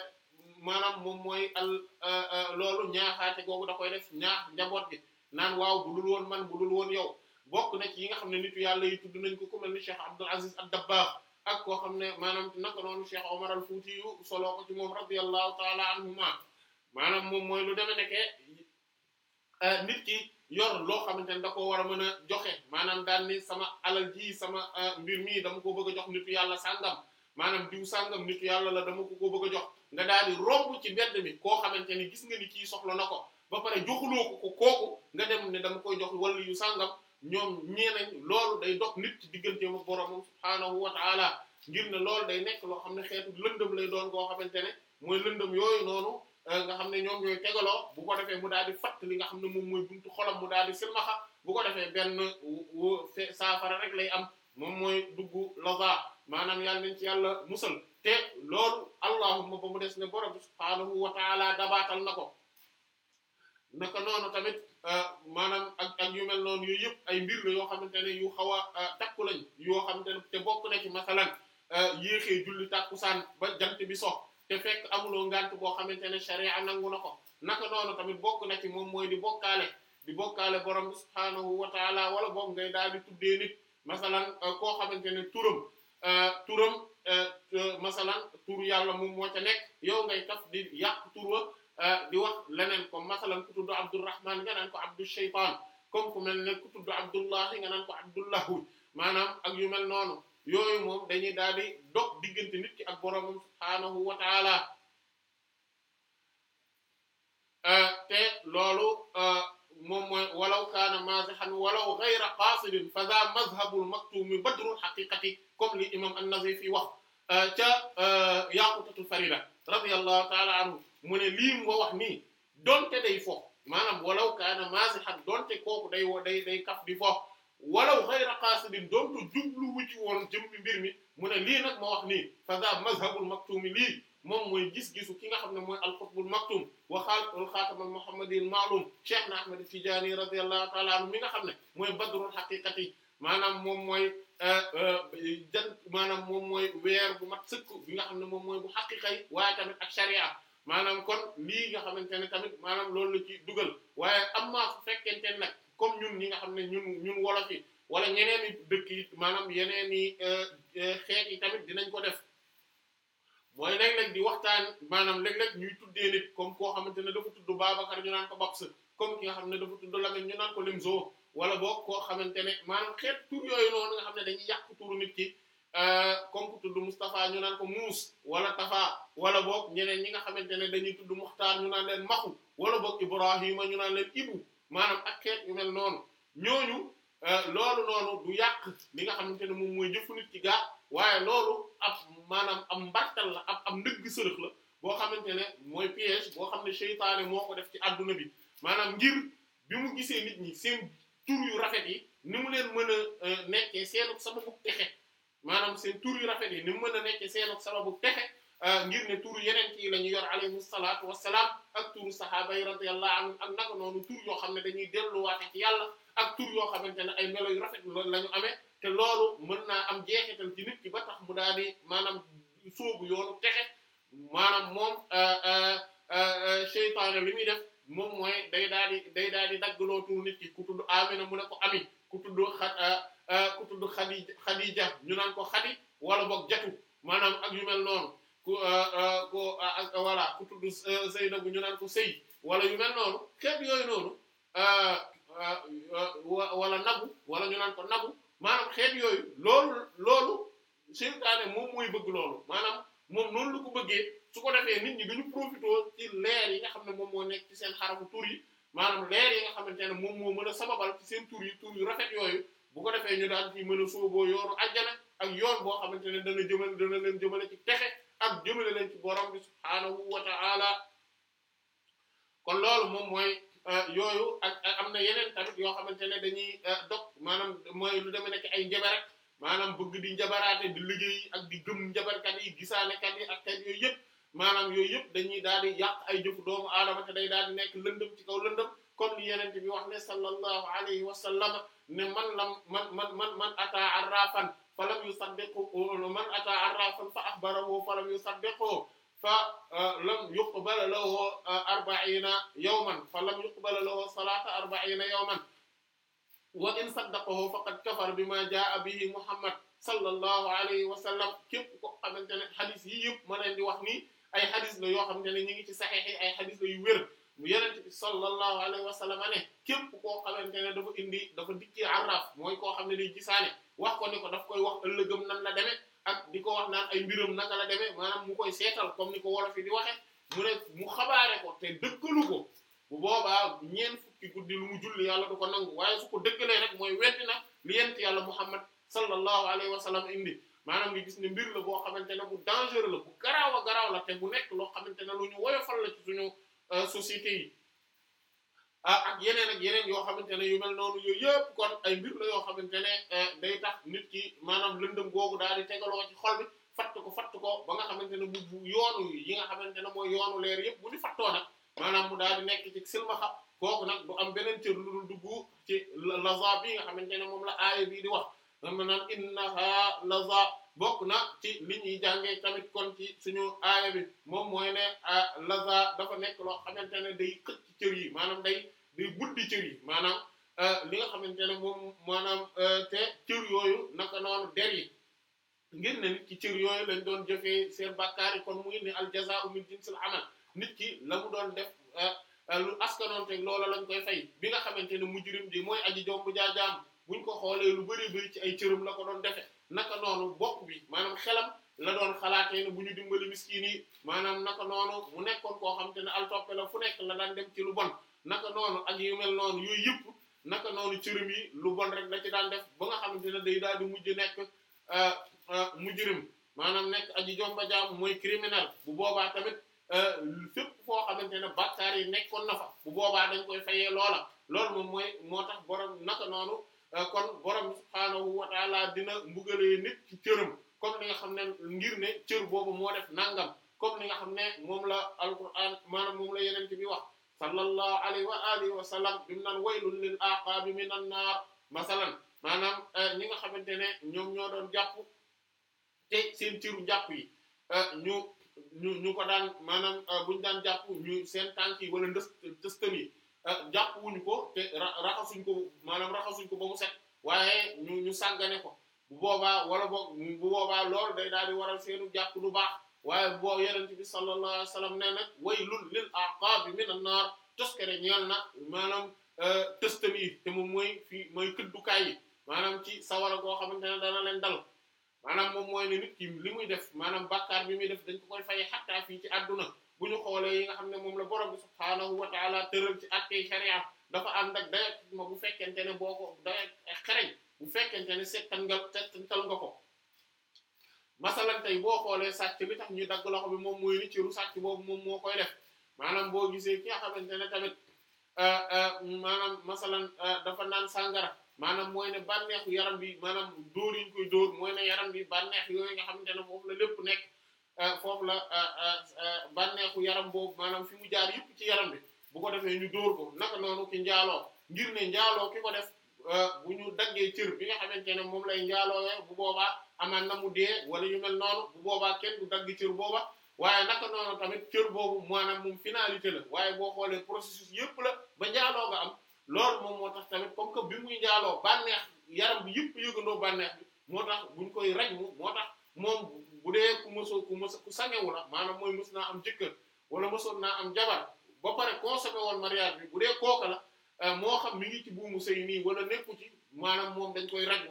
maanaam moom mooy al euh, loolu ñaaxaate googu da koy def ñaax njaboot bi naan waaw bu dul man bu dul woon yow bokk na ci yi nga xam ne nitu yàlla yi tudd nañ ko ku mel ni Cheikh Abdul Aziz ad-Dabbagh ak koo xam ne maanaam naka noonu Cheikh Omar al-Fouti yu soloo ko ci moom radiyallahu ta'ala anhuma maanaam moom mooy lu deme nekke nit ki yor loo xamante ne da ko war a mën a joxe maanaam daan ni sama alal ji sama euh, mbir mii dama ko bëgg a jox nitu yàlla sàngam maanaam diw sàngam nitu yàlla la dama ko bëgg a jox nga daal di ci mbedd mi koo xamante ni gis nga ni kii soxla na ko ba pare joxuloo ko ko kooku nga dem ne dama koy jox wala yu sàngam ñoom ñee nañ loolu day dox nit ci digganteem ak boromam subhaanahu wa taala ngir ne loolu day nekk loo xam ne xeetu lëndëm lay doon koo xamante ne mooy lëndëm yooyu noonu nga xam ne ñoom ñooy tegaloo bu ko defee mu daal di fatt li nga xam ne moom mooy buntu xolam mu daal di silmaxa bu ko defee benn saafara rek lay am moom mooy dugg loga maanaam yàlla nañ ci yàlla musal te loolu allahumma ba mu des ne borom subhaanahu wa taala dabaatal na ko naka noonu tamit euh, maanaam ak ak yu mel noonu yooyu yëpp ay mbir la yoo xamante ne yu xaw a euh, takku lañ yoo xamante ne te bokk na ci masalan euh, yéexee julli tàkkusaan ba jant bi sox te fekk amuloo ngànt boo xamante ne sharia nangu na ko naka noonu tamit bokk na ci moom mooy di bokkaale di bokkaale borom bi subhaanahu wa taala wala boog ngay daal di tuddee nit masalan euh, koo xamante ne turam euh, turam euh, masalan tur yàlla moom moo ca nekk yow ngay taf di yàq tur di wax leneen comme masalan ku tudd abdurrahman nga naan ko abdu shaytaan comme ku mel ne ku tudd abdullahi nga naan ko abdullahu maanaam ak yu mel noonu yooyu moom dañuy daal di dox diggante nit ak boroomam subhaanahu wa taala euh, te loolu euh, moom mooy walaw kaana mazihan walaw ghayra qasidin fa za maktumi badrul haqiqati comme li imam an-Nazifi wax euh, ca yaqutatul farida radiyallahu taala anhu mu ne lii mu wax nii donte day fo maanaam walaw kaana mazihan donte kooku day day day kaf walaw ghayra qasidin doonte jublu wu ci woon jëmmi mbir mi mu ne lii nag ma wax nii fa za mazhabul maktumi lii moom mooy gis-gisu ki nga xam ne mooy alxutbul maktum wa xaatul xaatamal muhammadin maalum cheikh na ahmad tijaani radiyallahu taala anhu mi nga xam ne mooy badrul xaqiqati maanaam moom mooy euh, euh, jant maanaam moom mooy weer bu mat sëkk bi nga xam ne moom mooy bu xaqiqa yi waaye tamit ak sharia maanaam kon lii nga xamante ne tamit maanaam loolu la ci dugal waaye am maa su fekkente nag comme ñun ñi nga xam ne ñun ñun wolof yi wala ñeneen i dëkk yi yeneen i euh, euh, xeet yi tamit dinañ ko def mooy léeg-léeg di waxtaan maanaam léeg-léeg ñuy tuddee nit koo xamante ne dafa tudd Babacar ñu naan ko Babs comme ki nga xam ne dafa tudd Lamine ñu naan ko Lemzo wala boog koo xamante ne maanaam xeet tur yooyu noonu nga xam ne dañuy yàq turu nit ki euh, comme ku tudd Moustapha ñu naan ko Mous wala Tafa wala boog ñeneen ñi nga xamante ne dañuy tudd Muxtaar ñu naan leen Maxu wala boog Ibrahima ñu naan leen Ibu maanaam ak xeet yu mel noonu ñooñu euh, loolu noonu du yàq li nga xamante ne moom mooy jëfu nit ci gaa waaye loolu ab maanaam am mbartal la ab am ndëgg sërëx la boo xamante ne mooy piège boo xam ne seytaane moo ko def ci adduna bi maanaam ngir bi mu gisee nit ñi seen tur yu rafet yi ni mu leen mën a euh, nekkee seenu sababu texe maanaam seen tur yu rafet yi ni mu mën a nekkee seenu sababu texe Euh, ngir ne turu yeneen yi la ñu yor alayhi salaatu wassalaam ak turu sahaaba yi radiyallahu anhum ak naka noonu tur yoo xam ne dañuy delluwaate ci yàlla ak tur yoo xamante ne ay melo yu rafet te loolu mën naa am jeexital ci nit ki ba tax mu daal di maanaam sóobu yoonu texe maanaam moom euh, euh, seytaane li muy def moom mooy day daal di day daal di daggaloo turu nit ki ku tudd Amina mu ne ko Ami ku tudd xa ku tudd Khadija Khadija ñu naan ko Khadi wala boog jatu maanaam ak yu mel noonu ku euh, euh, ku euh, voilà ku tudd Zeynabu ñu naan ko sëy wala yu mel noonu xeet yooyu noonu wala nabu wala ñu naan ko nabu maanaam xeet yooyu loolu loolu seytaane moom mooy bëgg loolu maanaam moom noonu la ko bëggee su ko defee nit ñi duñu profité ci leer yi nga xam ne moom moo nekk ci seen xaramu tur yi maanaam leer yi nga xamante ne moom moo mën a sababal ci seen tur yi tur yu rafet yooyu bu ko defee ñu daal ci mën a sooboo yooru ajjana ak yoon boo xamante ne dana jëmale dana leen jëmale ci texe ak jëmale leen ci borom bi subhaanahu wa ta'ala kon loolu moom mooy euh, yooyu ak am na yeneen tamit yoo xamante ne dañuy euh, dog maanaam mooy lu demee nekk ay njabar rek maanaam bëgg di njabaraate di liggéey ak di gëm njabarkat yi gisaanekat yi ak kat yooyu yëpp maanaam yooyu yëpp dañuy daal di yàq ay jëfu doomu aadama te day daal di nekk lëndëm ci kaw lëndëm comme ni yeneen bi wax ne sallallahu alayhi wa sallam ne man lam man man man man ataa arrafan falam yusaddiqhu oh, man ata arrafan fa akhbarahu falam yusaddiqhu fa eh, lam yuqbala lahu eh, arba'ina yawman fa lam yuqbala lahu salata arba'ina yawman wa in saddaqahu faqad kafara bima jaa bihi muhammad sallallahu alayhi wa sallam képp ko xamante ne xadis yi yëpp ma leen di wax nii ay xadis la yoo xamante ne ñu ngi ci saxiix yi ay xadis la yu wér mu yenent bi sallallahu alayhi wa sallam ne képp koo xamante ne dafa indi dafa dikki arraf mooy koo xam ne day gisaane wax ko ni ko daf koy wax ëllëgëm nan la demee ak di ko wax naan ay mbiram naka la demee maanaam mu koy seetal comme ni ko wolof yi di waxe mu ne mu xabaare ko te dëkkalu ko bu boobaa ñeen fukki guddi lu mu julli yàlla du ko nangu waaye su ko dëkkalee rek mooy weddi na li yent yàlla muhammad sallallahu alayhi wa sallam indi maanaam nga gis ne mbir la boo xamante ne bu dangereux la bu garaaw a garaaw la te bu nekk loo xamante ne lu ñu woyofal la su suñu euh, société yi Ah, ak yeneen ak yoo xamante ne yu mel noonu yooyu yëpp kon ay mbir la yoo xamante ne eh, day tax nit ki maanaam lëndëm googu daal di tegaloo ci xol bi fatt ko fatt ko ba nga xamante ne bu yoonu yi nga xamante ne mooy yoonu leer yëpp bu di fattoo nag maanaam mu daal di nekk ci silmaxa kooku nag bu am beneen cër lu dul dugg ci laza bi nga xamante ne moom la aaya bii di wax dama naan innaha laza bokk na ci li ñuy jàngee tamit kon ci suñu aaya bi moom mooy ne ah, laza dafa nekk loo xamante ne day xëcc cër yi maanaam day day buddi cër yi maanaam ah, li nga xamante ne moom maanaam ah, te cër yooyu naka noonu der yi ngir ne nit ki cër yooyu lañ doon jëfee seen bàkkaar yi kon muy ni al jazaa'u min jinsil amal nit ki la mu doon def lu askanoonte loola lañ koy fay bi nga xamante ne mujrim ji mooy aji jomb jaajaam buñ ko xoolee lu bari bari ci ay cëram la ko doon defee naka noonu bokk bi maanaam xelam la doon xalaatee ne bu ñu dimbali miskiin yi maanaam naka noonu mu nekkoon koo xam te ne al toppe la fu nekk la daan dem ci bon naka noonu ak yu mel yooyu yëpp naka noonu cërëm yi lu bon rek la ci daan def ba nga xamante ne day daal di mujj nekk euh, euh, mujrim maanaam nekk aji jomba jaam mooy criminel bu boobaa tamit euh, fépp foo xamante ne bàkkaar yi nekkoon na fa bu boobaa dañ koy fayee loola lool moom mooy moo tax borom naka noonu Euh, kon borom subhaanahu wa taala dina mbugalee nit ci cëram comme ni xam ne ngir ne cër boobu moo def nangam comme ni nga xam ne moom la alquran maanaam moom la yeneen bi wax sallallahu alayhi wa alihi wa sallam bi nu naan waylun lil aqaabi minan naar masalan maanaam euh, ñi nga xamante ne ñoom ñoo doon jàpp te seen cëru jàpp yi euh, ñu ñu ñu ko daan maanaam buñu daan jàpp ñu seen tànk yi wala ndës yi Euh, jàpp wuñu ko te raxasuñ ko maanaam raxasuñ ko ba mu set waaye ñu ñu sàggane ko bu boobaa wala boog bu boobaa loolu day daal di waral seenu jàpp lu baax waaye boo yonent bi sallallahu alayhi wasallam nee nag waylun lil aqaabi minan naar toskere ñeel na maanaam euh, tëstam yi te moom mooy fii mooy këddukaay yi maanaam ci sawara goo xamante ne dana leen dal maanaam moom mooy ne nit ki li muy def maanaam bàkkaar bi muy def dañ ko koy fay xattaa fii ci àdduna bu ñu xoolee yi nga xam ne moom la borom bi subhaanahu wa taala tëral ci attey sharia dafa am ak dayet ma bu fekkente ne boo ko dayet xereñ bu fekkente ne settan nga settantal nga ko masalan tey boo xoolee sàcc li tax ñuy dagg loxo bi moom mooy ni ciru sàcc boobu moom moo koy def maanaam boo gisee ki nga xamante ne tamit euh, euh, maanaam masalan euh, dafa naan sàngara maanaam mooy ne bànneexu yaram bi maanaam dóor yi ñu koy dóor mooy ne yaram bi bànneex yooyu nga xamante ne foofu la lépp nekk Euh, foofu la euh, euh, bànneexu yaram boobu maanaam fi mu jaar yëpp ci yaram bi bu ko defee ñu dóor ko naka noonu ki njaaloo ngir ne njaaloo ki ko def bu ñu daggee cër bi nga xamante ne moom lay njaaloo bu boobaa amaan na mu dee wala ñu mel noonu bu boobaa kenn du dagg cër booba waaye naka noonu tamit cër boobu maanaam moom finalité la waaye boo xoolee processus yëpp la ba njaaloo nga am loolu moom moo tax tamit comme que bi muy njaaloo bànneex yaram bi yëpp yëgandoo bànneex buñ koy raj bu dee ku mosoo ku mos ku sangewu la maanaam mooy mos naa am jëkkër wala mosoon naa am jabar ba pare consommé woon mariage bi bu dee kooka la euh, moo xam mi ngi ci buumu wala nekku ci maanaam moom dañ koy raj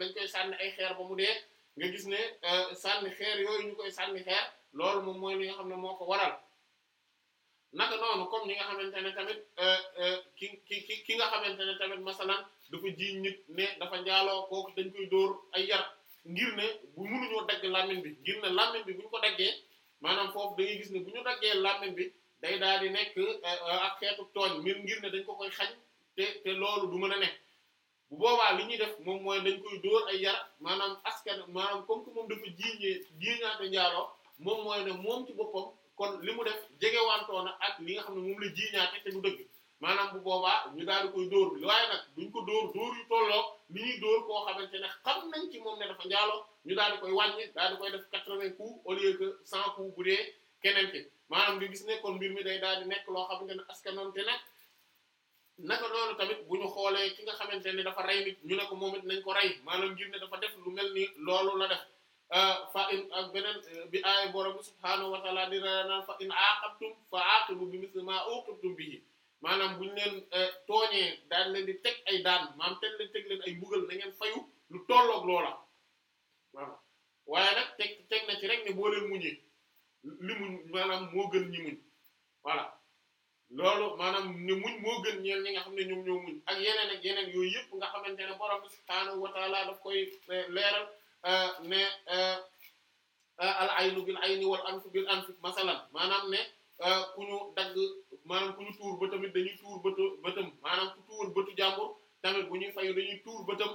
dañ koy sànni ay xeer ba mu dee nga gis ne euh, sànni xeer yooyu ñu koy sànni xeer loolu moom mooy li nga xam ne moo ko waral naka noonu comme ni nga xamante ne tamit euh, ki ki ki nga xamante ne tamit masalan dafa jiiñ nit ne dafa njaaloo kooku dañ koy dóor ay yar ngir ne bu munuñoo dagg làmmiñ bi ngir ne làmmiñ bi bu ko daggee maanaam foofu da gis ne bu ñu daggee làmmiñ bi day daal di nekk euh, ak xeetu tooñ mbir ngir ne dañ ko koy xañ te loolu du mën a nekk bu boobaa li ñuy def moom mooy dañ koy dóor ay yar maanaam askan maanaam comme que moom dafa jiiñee jiiñaate njaaloo moom mooy ne moom ci boppam kon li mu def jegewantoona ak li nga xam ne moom la jiiñaate te du dëgg maanaam bu boobaa ñu daal di koy dóor bi waaye nag duñ ko dóor dóor yu tolloo li ñuy dóor koo xamante ne xam nañ ci moom ne dafa njaaloo ñu daal di koy wàññi daal di koy def quatre-vingts coups au lieu que cent coups bu dee keneen ki maanaam nga gis ne kon mbir mi day daal di nekk loo xamante ne askanoonte nag naka noonu tamit bu ñu xoolee ki nga xamante ne dafa rey nit ñu ne ko moom it nañ ko rey maanaam ngir ne dafa def lu mel ni loolu na def euh, fa in ak euh, bi aaya borom subhaanahu wa ta'aala di fa in aaqabtum fa aaqibu bi misli maa uqibtum maanaam bu ñu leen euh, tooñee daan leen teg ay daan maanaam teg leen teg leen ay mbugal na ngeen lu tolloog loola waaw waaye nag teg teg ci rek ne boo leen muñee li maanaam moo gën ñi muñ voilà loolu maanaam ne muñ moo gën ñeel ñi nga xam ne ñoom muñ ak yeneen ak yooyu yëpp nga xamante ne borom subhaanahu wa daf koy euh, leeral euh, ne al aynu bil ayni wal anfu bil anfi masalan maanaam ne ku ñu dagg maanaam ku ñu tuur ba tamit dañuy tuur bët bëtam maanaam ku tuur bëtu jàmbur tamit bu ñuy fayu dañuy tuur bëtam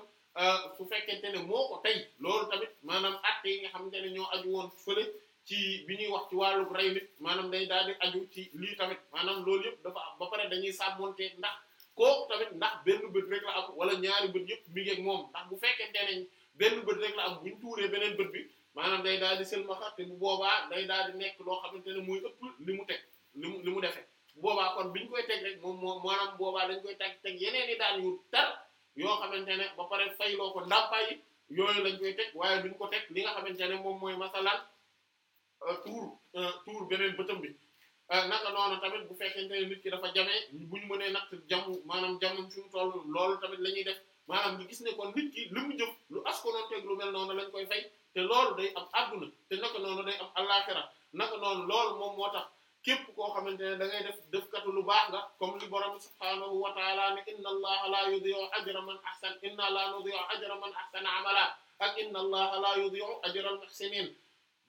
su euh, fekkente ne moo ko tey loolu tamit maanaam acte yi nga xam ne ñoo aju woon fële ci bi ñuy wax ci wàllu rey nit maanaam day daal di aju ci lii tamit maanaam loolu yëpp dafa ba pare dañuy sàmmonte ndax kooku tamit ndax benn bët rek la am wala ñaari bët yëpp mi ngi moom ndax bu fekkente ne benn bët rek la ñu tuuree beneen bët bi maanaam day daal di sëlmaxa te bu boobaa day daal di nekk loo xamante ne muy ëpp li mu teg li mu li mu defee boobaa kon biñ koy teg rek moom moo maanaam boobaa dañ koy teg teg yeneen i daan yu tar yoo xamante ne ba pare fayloo ko ndàmpaay yooyu lañ koy teg waaye duñ ko teg li nga xamante ne moom mooy masalan euh, tuur euh, tuur beneen bëtam bi euh, naka noonu tamit bu fekkente ne nit ki dafa jamee buñ mënee natt jamu maanaam jamam suñu toll loolu tamit la ñuy def maanaam gis ne kon nit ki lu mu jëf lu askanoon teg lu mel noonu lañ koy fay te loolu day ab adduna te naka noonu day am àllaaxira naka noonu lool moom moo tax képp koo xamante ne da ngay def defkatu lu baax nga comme li borom bi wa taala ne inna allaha la yudi'u ajra man ahsan a la nudi'u ajra man ahsana amala ak inna allaha la yudi'u ajra al muhsinin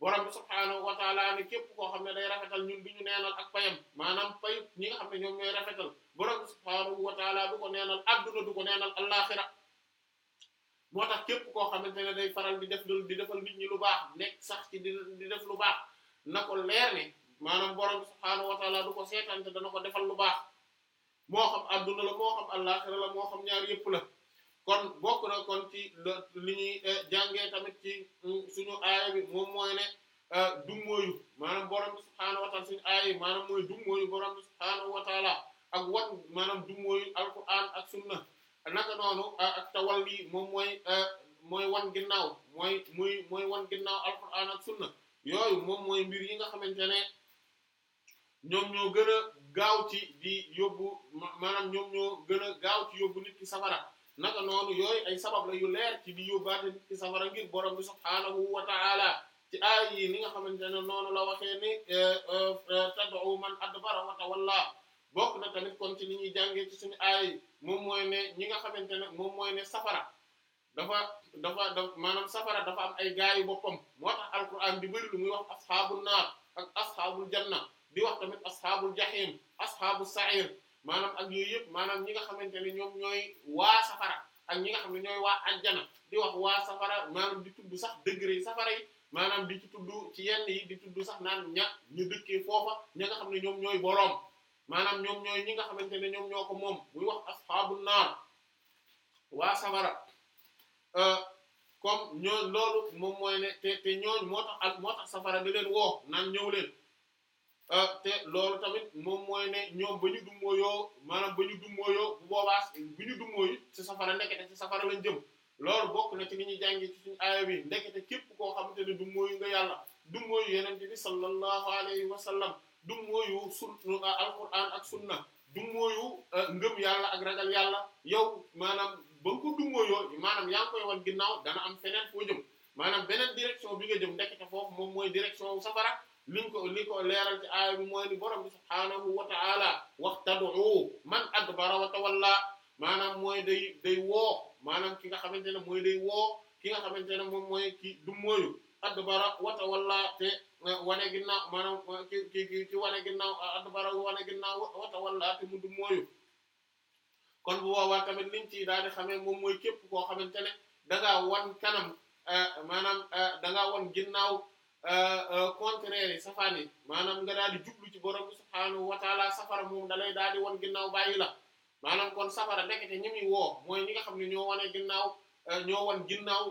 borom bi subhaanahu wa taala ne képp koo xam ne day rafetal ñun bi ñu neenal ak payam maanaam pay ñi nga xam ne ñoom ñooy rafetal borom bi subhaanahu wa du ko neenal adduna du ko neenal allaaxira moo tax képp koo xamante ne day faral di def di defal nit lu baax nekk sax ci di di def lu baax na ko leer maanaam borom subhaanahu wa taala du ko seetaan ko defal lu baax moo xam adduna la moo xam àllaaxira la moo xam ñaar yëpp la kon bokk na kon ci li ñuy eh, jàngee tamit ci mm, suñu aaya bi moom mooy ne eh, dummóoyu maanaam borom bi subhaanahu wa suñu aaya yi maanaam mooy dummóoyu borom bi subhaanahu wa taala ak wan maanaam dummóoyu alquran ak sunna naka noonu eh, ak tawalli moom mooy mooy wan ginnaaw mooy muy mooy wan ginnaaw alquran ak sunna yooyu moom mooy mbir yi nga xamante ne ñoom ñoo gën gaaw ci di yóbbu maanaam ñoom ñoo gën gaaw ci yóbbu nit ki safara naka noonu yooyu ay sabab la yu leer ci di yóbbaate nit ki safara ngir borom bi subhaanahu wa ci aay yi ni nga xamante ne noonu la waxee ni eh, eh, eh, tad'u man adbara wa ci li ñuy jàngee ci suñu aay yi moom mooy ne ñi nga xamante ne moom mooy ne safara dafa dafa dafa safara dafa am ay gaayu boppam moo tax alquran di bëri lu muy wax asxaabul naar ak asxaabul janna di wax tamit asxaabul jaxiim asxaabu sair maanaam ak yooyu yëpp maanaam ñi nga xamante ne ñoom ñooy waa safara ak ñi nga xam ne ñooy waa ajjana di wax waa safara maanaam di tudd sax degré safara yi maanaam di ci tudd ci yenn yi di tudd sax naan ña ñu dëkkee foofa ña nga xam ne ñoom ñooy boroom maanaam ñoom ñooy ñi nga xamante ne ñoom ñoo ko moom buy wax asxaabu naar waa safara euh, comme ñoo loolu moom mooy ne te ñooñ moo tax ak moo tax safara bi leen woo naan ñëw Euh, te loolu tamit moom mooy ne ñoom ba ñu dummóoyoo maanaam ba ñu dummóoyoo bu boobaa bu ñu dummóoyu ci safara ndekete ci safara lañ jëm loolu bokk na ci li ñuy jàngi ci suñu aaya bi ndekete képp koo xamante ne dummóoyu nga yàlla dummóoyu yenente bi sallallahu alayhi wa sallam dummóoyu sunu ah, alquran ak sunna dummóoyu euh, ngëm yàlla ak ragal yàlla yow maanaam ba nga ko dummóoyoo maanaam yaa ngi koy wan ginnaaw dana am feneen foo jëm maanaam beneen direction bi nga jëm liñ ko li ko leeral ci aaya bi mooy ni borom bi subhaanahu wa ta'ala wax tad'u man adbara wa tawalla maanaam mooy day day woo maanaam ki nga xamante ne mooy day woo ki nga xamante ne moom mooy ki du mooyu adbara wa tawalla te eh, wane ginnaaw maanaam eh, ki ki ki wane ginnaaw eh, adbara wane ginnaaw wa tawalla te mu du mooyu kon bu boobaa tamit liñ ci daal di xamee moom mooy képp koo xamante ne da ngaa wan kanam maanaam da wan ginnaaw Euh, euh, contraire yi safaan yi maanaam nga daal di jublu ci borom subhaanahu wa taala safara moom da daal di wan ginnaaw bàyyi la maanaam kon safara ndekete ñi muy woo mooy ñi nga xam ne ñoo wane ginnaaw euh, ñoo wan ginnaaw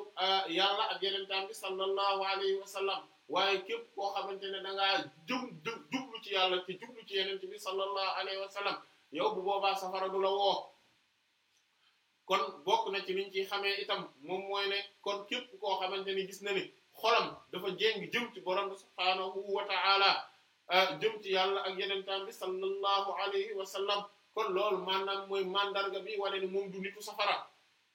yàlla ak yenentaan bi sallallahu alayhi wa sallam waaye képp koo xamante ne da ngaa jëm jublu ci yàlla te jublu ci yenent bi sallallahu alayhi wa sallam yow bu boobaa safara du la woo kon bokk na ci liñ ci xamee itam moom mooy ne kon képp koo xamante ni gis na ni xolam dafa jéng jëm ci borom subhaanahu wa ta'ala ah, jëm ci yàlla ak yeneen yenentaan bi sallallahu alayhi wa sallam kon loolu maanaam mooy màndarga bi wane ne moom du nitu safara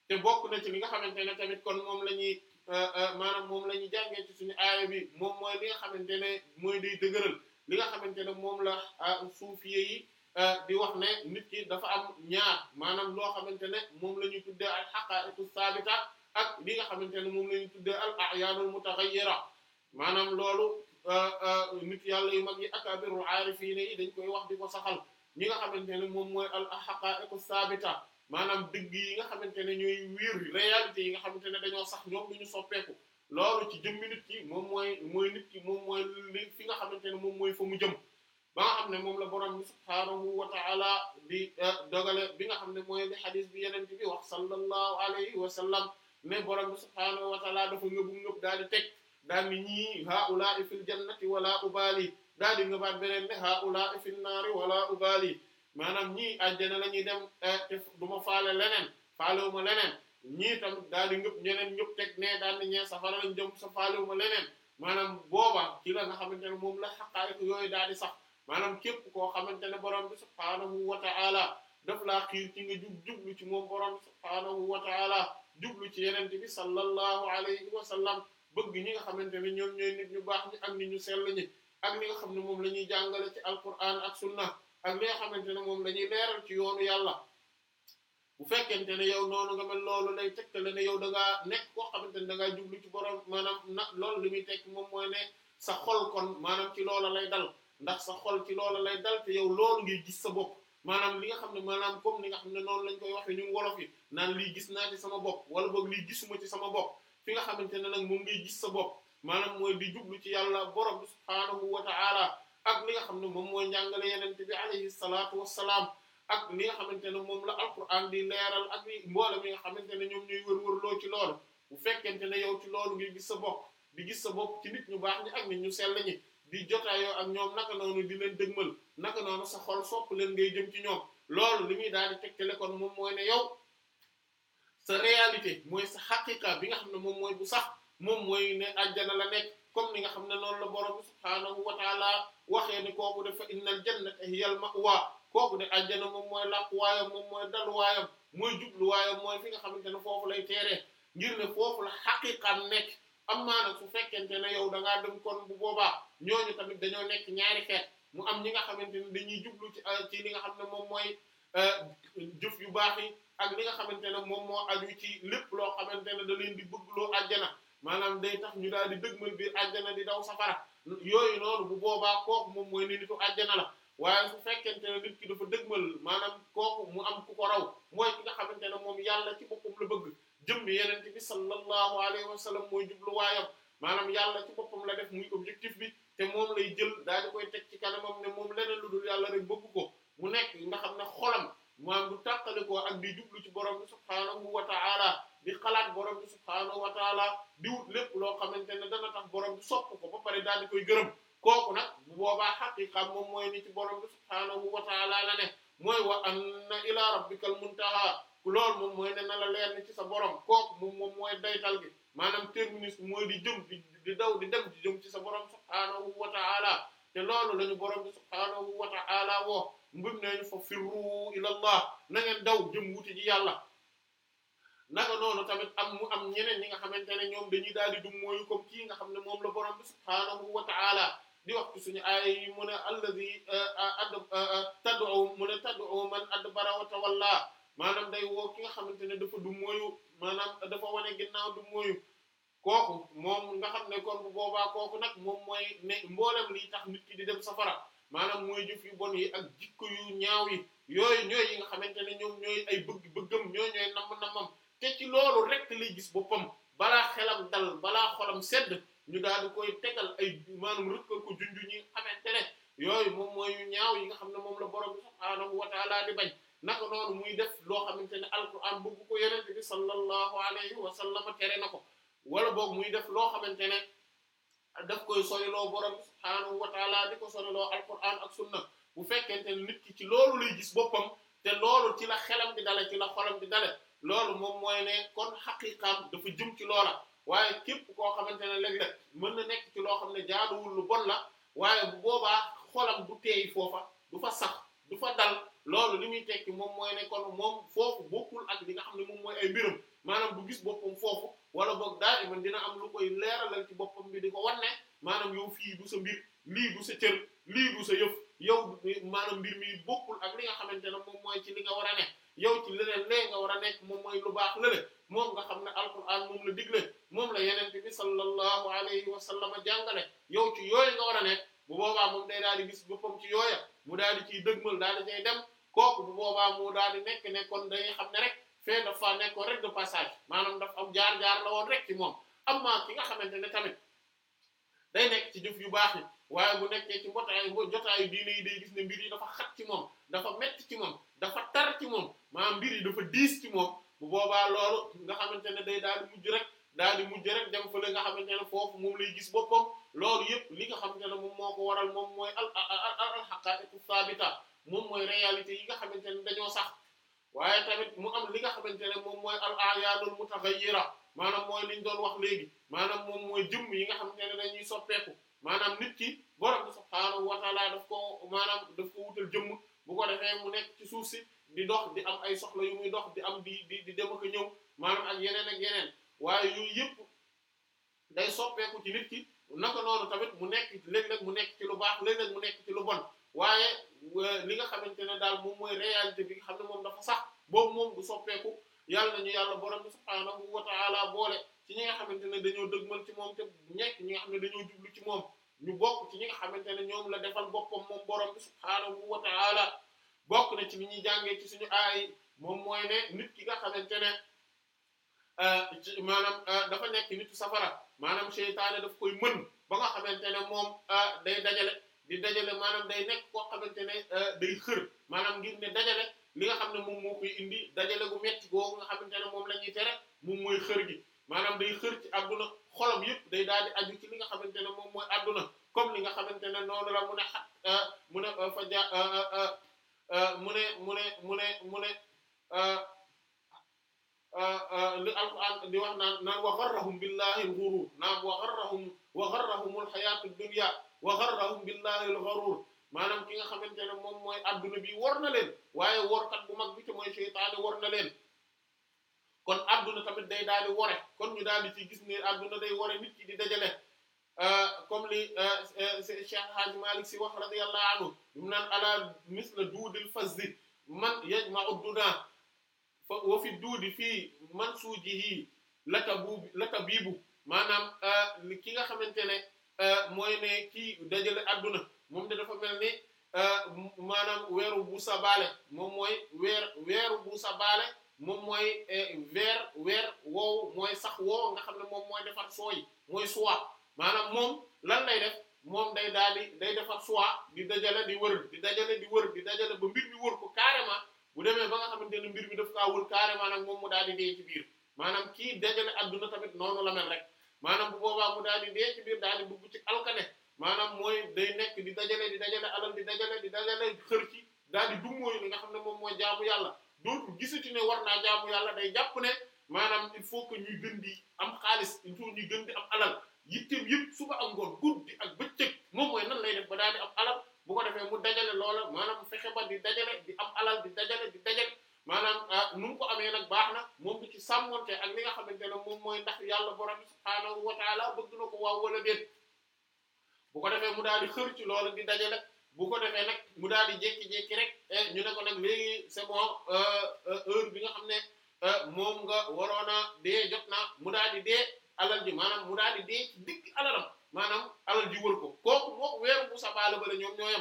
te bokk nañ ci li nga xamante ne tamit kon moom la ñuy ah, ah, maanaam moom la ñuy jàngee ci suñu aaya bi moom mooy li nga xamante ne mooy day dëgëral li nga xamante ne moom la suufiye yi di wax ne nit ki dafa am ñaar maanaam loo xamante ne moom la ñuy tuddee ay xaqaa'iqu saabita ak li nga xamante ne moom la ñu tuddee al a'yaanul mutaghayyira maanaam loolu euh, euh, nit yàlla yu mag yi akabirul aarifiin yi dañ koy wax di ko saxal ñi nga xamante ne moom mooy al haqaa'iqu saabita manam dëgg yi nga xamante ne ñuy wiir réalité yi nga xamante ne dañoo sax ñoom du ñu soppeeku loolu ci jëmmi nit ki moom mooy mooy nit ki moom mooy fi nga xamante ne moom mooy fa mu jëm ba nga xam ne moom la borom bi subhaanahu wa ta'ala di euh, dogale bi nga xam ne mooy li xadis bi yeneen bi wax sallallahu alayhi wa sallam ne borom bi subhaanahu wa taala dafa ngëbu ngëb daal di teg daal di ñii haulaa'i fil jannati wala ubaali daal di ngëbaat beneen ne haulaa'i fin naari wala ubaali maanaam ñii àjjana la ñuy dem eh, te du ma faale leneen faalewu ma leneen ñii tam daal di ngëb ñeneen ñëpp teg ne daal di ñee safara lañ jëm sa faalewu ma leneen maanaam booba ci la nga xamante ne moom la xaqaarik yooyu daal di sax maanaam képp koo xamante ne borom bi subhaanahu wa ta'ala daf laa xiir ci nga jub lu ci moom borom bi subhaanahu wa ta'ala jublu ci yeneen bi sallallahu alayhi wa sallam bëgg ñi nga xamante ne ñoom ñooy nit ñu baax ni ak nit ñu sell ñi ak ni nga xam ne moom la ñuy jàngale ci alquran ak sunna ak li nga xamante ne moom la ñuy leeral ci yoonu yàlla bu fekkente ne yow noonu nga mel loolu lay tegtale ne yow da nekk koo xamante ne jublu ci borom maanaam na loolu li muy tekk moom mooy ne sa xol kon maanaam ci loola lay dal ndax sa xol ci loola lay dal te yow loolu ngay gis sa bopp maanaam li nga xam ne maanaam comme ni nga xam ne noonu lañ koy waxee ñun wolof yi naan lii gis naa ci sama bopp wala boog lii gisuma ci sama bopp fi nga xamante ne nag moom ngay gis sa bopp maanaam mooy di jublu ci yàlla borom subhaanahu wa ta'ala ak li xam ne moom mooy njàngale yenente bi alayhi salaatu wassalaam ak li nga xamante ne moom la alquran di leeral ak li mboolem nga xamante ne ñoom ñuy wër-wërloo ci loolu bu fekkente ne yow ci loolu ngay gis sa bopp di gis sa bopp ci nit ñu baax ñi ak ni ñu sell ñi di jotaayoo ak ñoom naka noonu di leen dëgmal naka noonu sa xol sopp leen ngay jëm ci ñoom loolu li muy daal di tegtale kon moom mooy ne yow sa réyalité mooy sa xaqiqa bi nga xam ne moom mooy bu sax moom mooy ne àjjana la nekk comme ni nga xam ne noonu la borom subhaanahu wa taala waxee ne kooku de fa innal jannata hiyal ma'wa kooku de àjjana moom mooy làkkuwaayam moom mooy dalwaayam mooy jubluwaayam mooy fi nga xamante ne foofu lay teere ngir ne foofu la xaqiqa nekk am maana su fekkente ne yow da ngaa dem kon bu boobaa ñooñu tamit dañoo nekk ñaari xeet mu am ñi nga xamante ne dañuy jublu ci euh, ci li nga xam ne moom mooy euh, jëf yu baax yi ak li nga xamante ne moom moo aju ci lépp loo xamante ne da leen di bëggloo àjjana maanaam day ñu daal di dëgmal biir àjjana di daw safara yooyu noonu bu boobaa kooku moom mooy ne nitu àjjana la waaye su fekkente ne nit ki dafa dëgmal maanaam kooku mu am ko raw mooy ki nga xamante ne moom yàlla ci boppam la bëgg jëmm yeneen bi sallallahu alayhi wa sallam mooy jubluwaayam maanaam yàlla ci boppam la def muy objectif bi te moom lay jël daa di koy teg ci kanamam ne moom leneen lu dul yàlla rek bëgg ko mu nekk nga xam ne xolam maam du tàqale ko ak di jublu ci borom bi subhaanahu wa ta'ala di xalaat borom bi subhaanahu wa ta'ala di wut lépp loo xamante ne dana tax borom bi sopp ko ba pare daal di koy gërëm kooku nag boobaa xaqiqa moom mooy ni ci borom bi subhaanahu wa ta'ala la ne mooy wa anna ila rabbikal muntaha loolu moom mooy ne na la leer ni ci sa borom ko moom moom mooy daytal maanaam terminus mooy di jëm di daw di dem di jëm ci sa borom subhaanahu wa ta'ala te loolu la ñu borom bi subhaanahu wa ta'ala woo mbir nañu fa firru ila allah na ngeen wuti ji yàlla naka noonu tamit am mu am ñeneen ñi nga xamante ne ñoom dañuy daal di dum mooyu comme kii nga xam ne moom la borom bi subhaanahu wa di wax suñu aaya yi mu ne alladi ad tad'u mu ne tad'u man adbara wa tawalla day woo ki nga xamante ne dafa maanaam dafa wane ginnaaw du mooyu kooku moom nga xam ne kon bu boobaa kooku nag moom mooy ne mboolem liy tax nit ki di dem safara maanaam mooy jëf yu bon yi ak jikko yu ñaaw yi yooyu ñooy yi nga xamante ne ñoom ñooy ay bëgg-bëggam ñooy ñooy namm-nammam te ci loolu rek lay gis boppam balaa xelam dal sedd ñu daal di koy tegal ay maanaam rëkkal ko junju ñi xamante moom mooy ñaaw yi nga xam ne moom la borom subhaanahu wa ta'ala di bañ naka noonu muy def loo xamante ne alquran bëgg ko yenente bi sallallahu alayhi wa sallam tere na ko wala boog muy def loo xamante ne daf koy soriloo borom subhaanahu wa taala di ko soriloo alquran ak sunna bu fekkente ne nit ki ci loolu lay gis boppam te loolu ci la xelam di dale ci la xolam bi dale loolu moom mooy ne kon xaqiqaam dafa jëm ci loola waaye képp koo xamante ne léeg-léeg mën na nekk ci loo xam ne jaaduwul lu bon la waaye bu boobaa xolam du teey foofa du fa du fa dal loolu li muy tekki moom mooy ne kon moom foofu bokkul ak li nga xam ne moom mooy ay mbiram maanaam bu gis boppam foofu wala boog daal man dina am lu koy leeralal ci boppam bi di ko wan ne maanaam yow fii du sa mbir lii du sa cër lii du sa yëf yow maanaam mbir mi bokkul ak li nga xamante ne moom mooy ci li nga war a nekk yow ci leneen lee nga war a nekk moom mooy lu baax lële moom nga xam ne alquran moom la digle moom la yenente bi sallallahu alayhi wa sallam jàngale yow ci yooyu nga war a nekk bu boobaa moom day daal di gis boppam ci yooya mu daal di ciy dëgmal daal di cay dem kooku bu boobaa mu daal di nekk nekkoon kon dañuy xam ne rek fee dafa nekkoon rek de passage maanaam daf am jaar-jaar la woon rek ci moom am amma ki nga xamante ne tamit day nekk ci jëf yu baax yi waaye bu nekkee ci mbotaay jotaayu diine yi day gis ne mbir yi dafa xat ci moom dafa metti ci moom dafa tar ci moom maanaam mbir yi dafa diis ci moom bu boobaa loolu nga xamante ne day daal di mujj rek daal di mujj rek dem fële nga xamante ne foofu moom lay gis boppam loolu yëpp li nga xamante ne moom moo ko waral moom mooy al al haqa'iqu sabita moom mooy réalité yi nga xamante ne dañoo sax waaye tamit mu am li nga xamante ne moom mooy al ayadul mutaghayyira maanaam mooy liñ doon wax léegi maanaam moom mooy jëmm yi nga xamante ne dañuy soppeeku maanaam nit ki borom bi subhaanahu wa ta'ala daf ko maanaam daf ko wutal jëmm bu ko defee mu nekk ci suuf si di dox di am ay soxla yu muy dox di am di di di dem ak ñëw maanaam ak yeneen ak yeneen waaye yooyu yëpp day soppeeku ci nit ki naka noonu tamit mu nekk léeg-léeg mu nekk ci lu baax léeg-léeg mu nekk ci lu bon waaye euh, li nga xamante ne daal moom mooy réalité bi nga xam ne moom dafa sax boobu moom bu soppeeku yàlla nañu yàlla borom bi subhaanahu wa ta'ala boole ci ñi nga xamante ne dañoo dëgmal ci moom te ñekk ñi nga xam ne dañoo jublu ci moom ñu bokk ci ñi nga xamante ne ñoom la defal boppam moom borom bi subhaanahu wa ta'ala bokk na ci li ñuy jàngee ci suñu aay moom mooy ne nit ki nga xamante ne Euh, maanaam euh, dafa nekk nitu safara maanaam seytaane daf koy mën ba nga xamante ne moom euh, day dajale di dajale maanaam day nekk koo xamante ne day xër maanaam ngir ne dajale li nga xam ne moom moo indi dajale gu metti googu nga xamante ne moom la ñuy tere moom mooy xër gi maanaam day xër ci àdduna xolam yëpp day daal di aju ci li nga xamante ne moom mooy àdduna comme li nga xamante ne noonu mu ne xat mu ja mu ne mu ne mu ne mu ne Ah, ah, li alquran di wax naan naan wa gharrahum billahi al-ghurur naan wa gharrahum wa gharrahum al-hayatu ad-dunya wa gharrahum billahi al-ghurur maanaam ki nga xamante ne moom mooy adduna bi war na leen waaye workat bu mag bi te mooy seytaane war na leen kon adduna tamit day daal di wore kon ñu daal di ci gis ne adduna day wore nit ki di dajale ah, comme li Cheikh Hadj Malick Sy wax radiyallahu anhu mu naan ala misla duudil fazzi man yajma'u dudaa fa wa fi duudi fii man mansuujihi lakabu lakabibu maanaam euh, ki nga xamante ne euh, mooy ne kii dajale àdduna moom da dafa mel ni euh, maanaam weeru bu sabaale moom mooy weer weeru bu moom mooy weer weer woowu mooy sax woow nga xam ne moom mooy defar sooy mooy soie maanaam moom lan day def moom day daal di day defar soie di dajale di wër di dajale di wër di dajale ba mbir mi wër ko carrément bu demee ba nga xamante ne mbir mi daf kaa wër carrément moom mu daal di dee biir maanaam kii dajale adduna tamit noonu la mel rek maanaam bu boobaa mu daal di biir daal di dugg ci alkane maanaam mooy day nekk di dajale di dajale alal di dajale di dajale xër ci daal di dum mooy nga xam ne moom mooy jaamu yàlla dootu gisati ne war naa jaamu yàlla day jàpp ne maanaam il faut que ñuy gën di am xaalis il faut gën di am alal yitteem yëpp suba ak ngoon guddi ak bëccëg moom mooy nan lay def ba daal am alal bu defee mu dajale loola maana mu fexe ba di dajale di am alal di dajale di dajale maanaam ah, nu ko amee nag baax na moom bi ci sàmmonte ak li nga xamante ne moom mooy ndax yàlla borom subhaanahu wa taala bëgg na ko waaw wala déet bu ko defee mu daal di xër ci loola di dajale bu ko defee nag mu daal di jékki-jékki rek eh, ñu ne ko nag léegi c'est bon euh, euh, heure bi nga xam ne euh, moom nga waroon a dee jot na mu daal di dee alal ji maanaam mu daal di dee dikk alalam. maanaam alal ji wër ko kooku mook weeru bu sabaala bale ñoom ñoo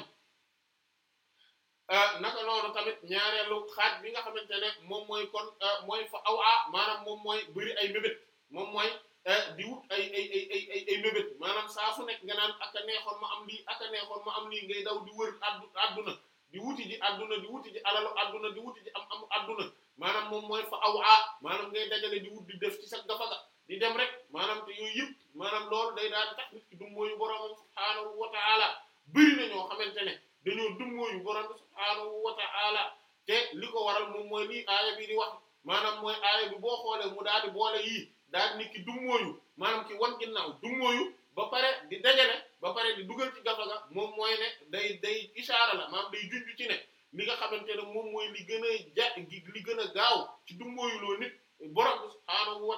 euh, naka noonu tamit ñaareelu xaaj bi nga xamante ne moom mooy kon euh, mooy fa aw a maanaam moom mooy bëri ay mébét moom mooy euh, di wut ay ay ay ay ay maanaam saa su nekk nga naan ak a neexoon ma am lii ak a neexoon ma am ngay daw di wër addu adduna di wuti ji adduna di wuti ji alalu adduna di wuti am am adduna maanaam moom mooy fa aw a maanaam ngay dajale di wut di def ci sa gafaga di dem rek maanaam te yooyu yëpp maanaam loolu day daal tax nit ki dummóoyu boroomam subhaanahu wa ta'ala ñoo xamante ne dañoo dummóoyu boroom bi subhaanahu wa ta'ala te ko waral moom mooy lii aaya bi di wax maanaam mooy aaya bi boo xoolee mu daal di boole yii daal nit ki dummóoyu maanaam ki wan ginnaaw dummóoyu ba pare di dajale ba pare di dugal ci moom mooy ne day day ishaara la day junj ci ne li nga xamante ne moom mooy li gën a ja li gën a gaaw ci loo nit boroom bi subhaanahu wa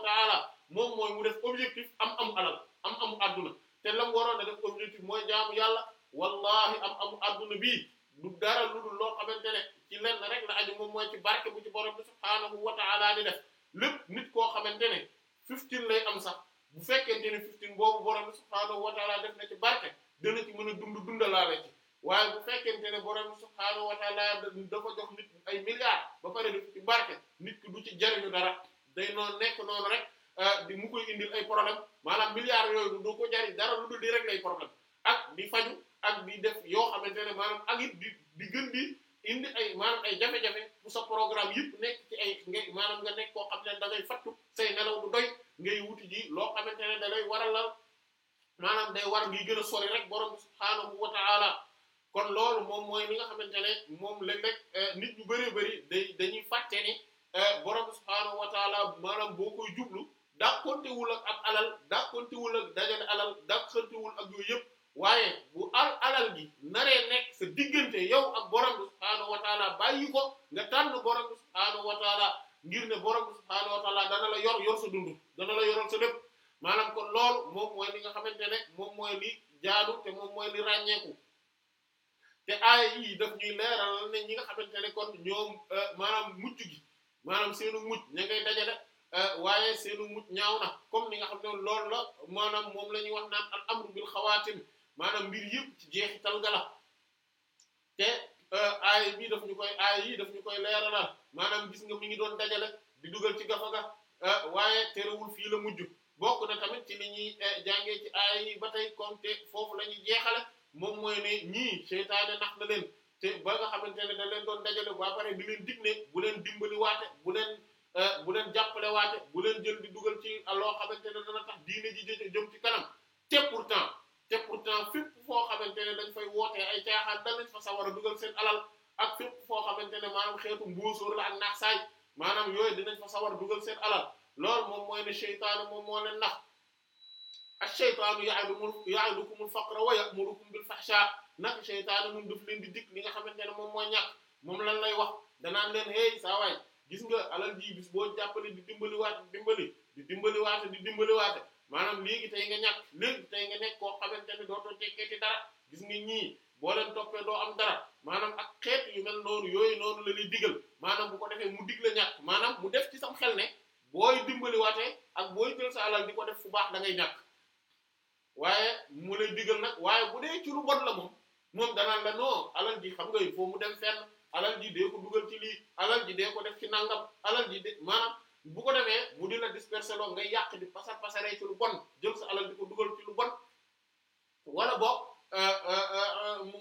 moom mooy mu def objectif am amu alal am amu adduna te la mu waroon a def objectif mooy jaamu yàlla wallahi am amu adduna bii du dara lu dul loo xamante ne ci lenn rek la aju moom mooy ci barke bu ci borom bi subhaanahu wa ta'ala di def lépp nit koo xamante ne fifteen lay am sax bu fekkente ne fifteen boobu borom bi subhaanahu wa ta'ala def na ci barke dana ci mën a dund dundalaale ci waaye bu fekkente ne borom bi subhaanahu wa ta'ala dafa jox nit ay milliards ba pare def ci barke nit ki du ci jariñu dara day noonu nekk noonu rek. Ah, di mu koy indil ay problème maanaam milliards yooyu doo ko jariñ dara lu dul di régler ay problème ak di faju ak di def yoo xamante ne maanaam ak it di gën di indi ay maanaam ay jafe-jafe sa programme yëpp nekk nga nekk koo xam ne da ngay fattu say nelaw du doy ngay wuti ji loo xamante ne da lay waral la maanaam day war ngiy gën a sori rek borom bi subhaanahu wa kon loolu moom mooy li nga xamante ne moom léeg-léeg eh, nit ñu bëree bëri day dañuy fàtte ni eh, borom bi subhaanahu wa ta'ala boo koy jublu dàqontewul ak am alal dàqontewul ak dajale alal dàqontewul ak yooyu yëpp waaye bu al alal gi naree nekk sa diggante yow ak borom bi subhaanahu wa taala bàyyi ko nga tànn borom bi subhaanahu wa taala ngir ne borom bi subhaanahu wa dana la yor yor sa dund dana la yoral sa lépp maanaam kon loolu moom mooy li nga xamante ne moom mooy li jaadu te moom mooy li ràññeeku te aaya yi daf ñuy leeral ne ñi nga xamante ne kon ñoom euh, maanaam mujj gi maanaam seenu mujj ña Euh, waaye seenu mujj ñaaw na comme ni nga xam ne lool la maanaam moom la ñuy wax naan al amru bil maanaam mbir yëpp ci jeexital ga la te euh, aay bii daf ñu koy aay yi daf ñu koy leeralal maanaam gis nga mi ngi doon dajale di dugal ci gafa euh, waaye terewul fii la mujj bokk na tamit ci li ñuy jàngee ci aay yi ba tey comme te foofu la ñuy jeexale moom mooy ne ñii seytaane nax na leen te ba nga xamante ne da leen doon dajale ba pare di leen dig ne bu leen dimbali waate bu leen Euh, bu leen jàppale waate bu leen jël di dugal ci loo xamante ne dana tax diine ji jëm ci kanam te pourtant te pourtant fépp foo xamante ne dañ fay wootee ay caaxaan danañ fa sawar a dugal seen alal ak fépp foo xamante ne maanaam xeetu mbóosóor la ak naax saay maanaam yooyu dinañ fa sawar a dugal seen alal loolu moom mooy ne seytaane moom moo leen nax ash-shaytaanu ya'idukum ya'idukum al-faqra wa ya'murukum bil-fahsha nag seytaane moom daf leen di dikk li nga xamante ne moom mooy ñàkk moom lan lay wax danaan leen hey saa gis nga alal ji bis boo jàppale di dimbali waate di dimbali di dimbali waate di dimbali waate maanaam léegi tey nga ñàkk léegi tey nga nekk koo xamante ne dootoo tekkee ci dara gis nga ñii boo leen toppee doo am dara maanaam ak xeet yu mel noonu yooyu noonu la lay digal maanaam bu ko defee mu digle la ñàkk maanaam mu def ci sam xel ne booy dimbali waate ak booy jël sa alal di ko def fu baax da ngay ñàkk waaye mu lay digal nag waaye bu dee ci lu bon la moom moom danaan la noo alal ji xam nga il mu dem fenn alal ji dee ko dugal ci lii alal ji dee ko def ci nangam alal ji de maanaam bu ko demee mu di la disperser loo ngay yàq di pasar pasaree ci lu bon jël sa alal di ko dugal ci lu bon wala boog euh, euh, euh, mu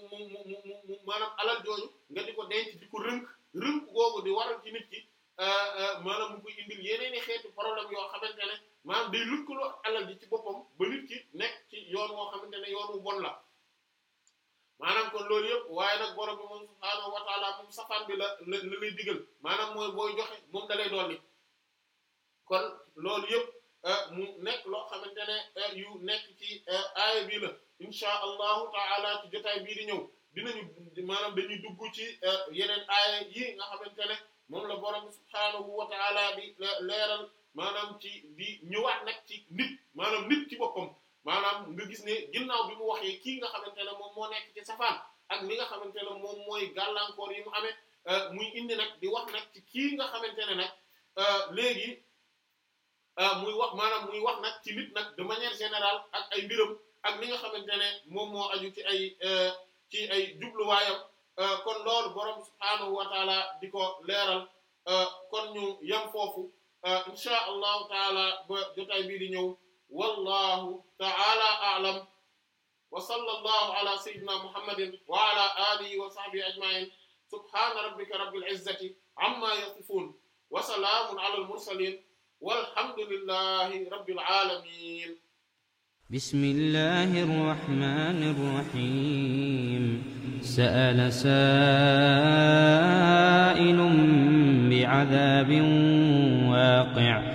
mu maanaam alal jooju nga di ko denc di ko rënk rënk googu di waral ci nit ki maanaam mu koy indil yeneen i xeetu problème yoo xamante ne maanaam day lëkkaloo alal ji ci boppam ba nit ki nekk ci yoon woo xamante yoon wu bon la. maanaam kon loolu yëpp waaye nag borom bi moom subhaanahu wa taala moom bi la la lay digal maanaam mooy booy joxe moom da lay dolli kon loolu yëpp eh, mu nekk loo xamante ne eh, yu nekk ci eh, aaya bii la incha allahu taala ci jotaay bii di ñëw dinañu maanaam dañuy dugg ci yeneen aaya yi nga xamante ne moom la borom bi subhaanahu wa taala di leeral maanaam ci di ñëwaat nag ci nit maanaam nit ci boppam maanaam nga gis ne ginnaaw bi mu waxee kii nga xamante ne moom moo nekk ci safaan ak li nga xamante ne moom mooy gàllankoor yi mu amee euh, muy indi nag di wax nag ci kii nga xamante ne nag euh, léegi euh, muy wax maanaam muy wax nag ci nit nag de manière générale ak ay mbiram ak li nga xamante ne moom moo aju ci ay ci ay jubluwaayam kon loolu borom subhaanahu wa taala di ko leeral kon ñu yem foofu incha allahu taala ba jotaay bii di ñëw. wallahu ta'ala a'lam wa sallallahu ala sayyidina muhammadin wa ala alihi wa sahbihi ajma'in subhana rabbika rabbil izzati amma yasifun wa salamun ala al mursalin walhamdulillahi rabbil alamin bismillahir rahmanir rahim sa'ala sa'ilun bi'adhabin waqi'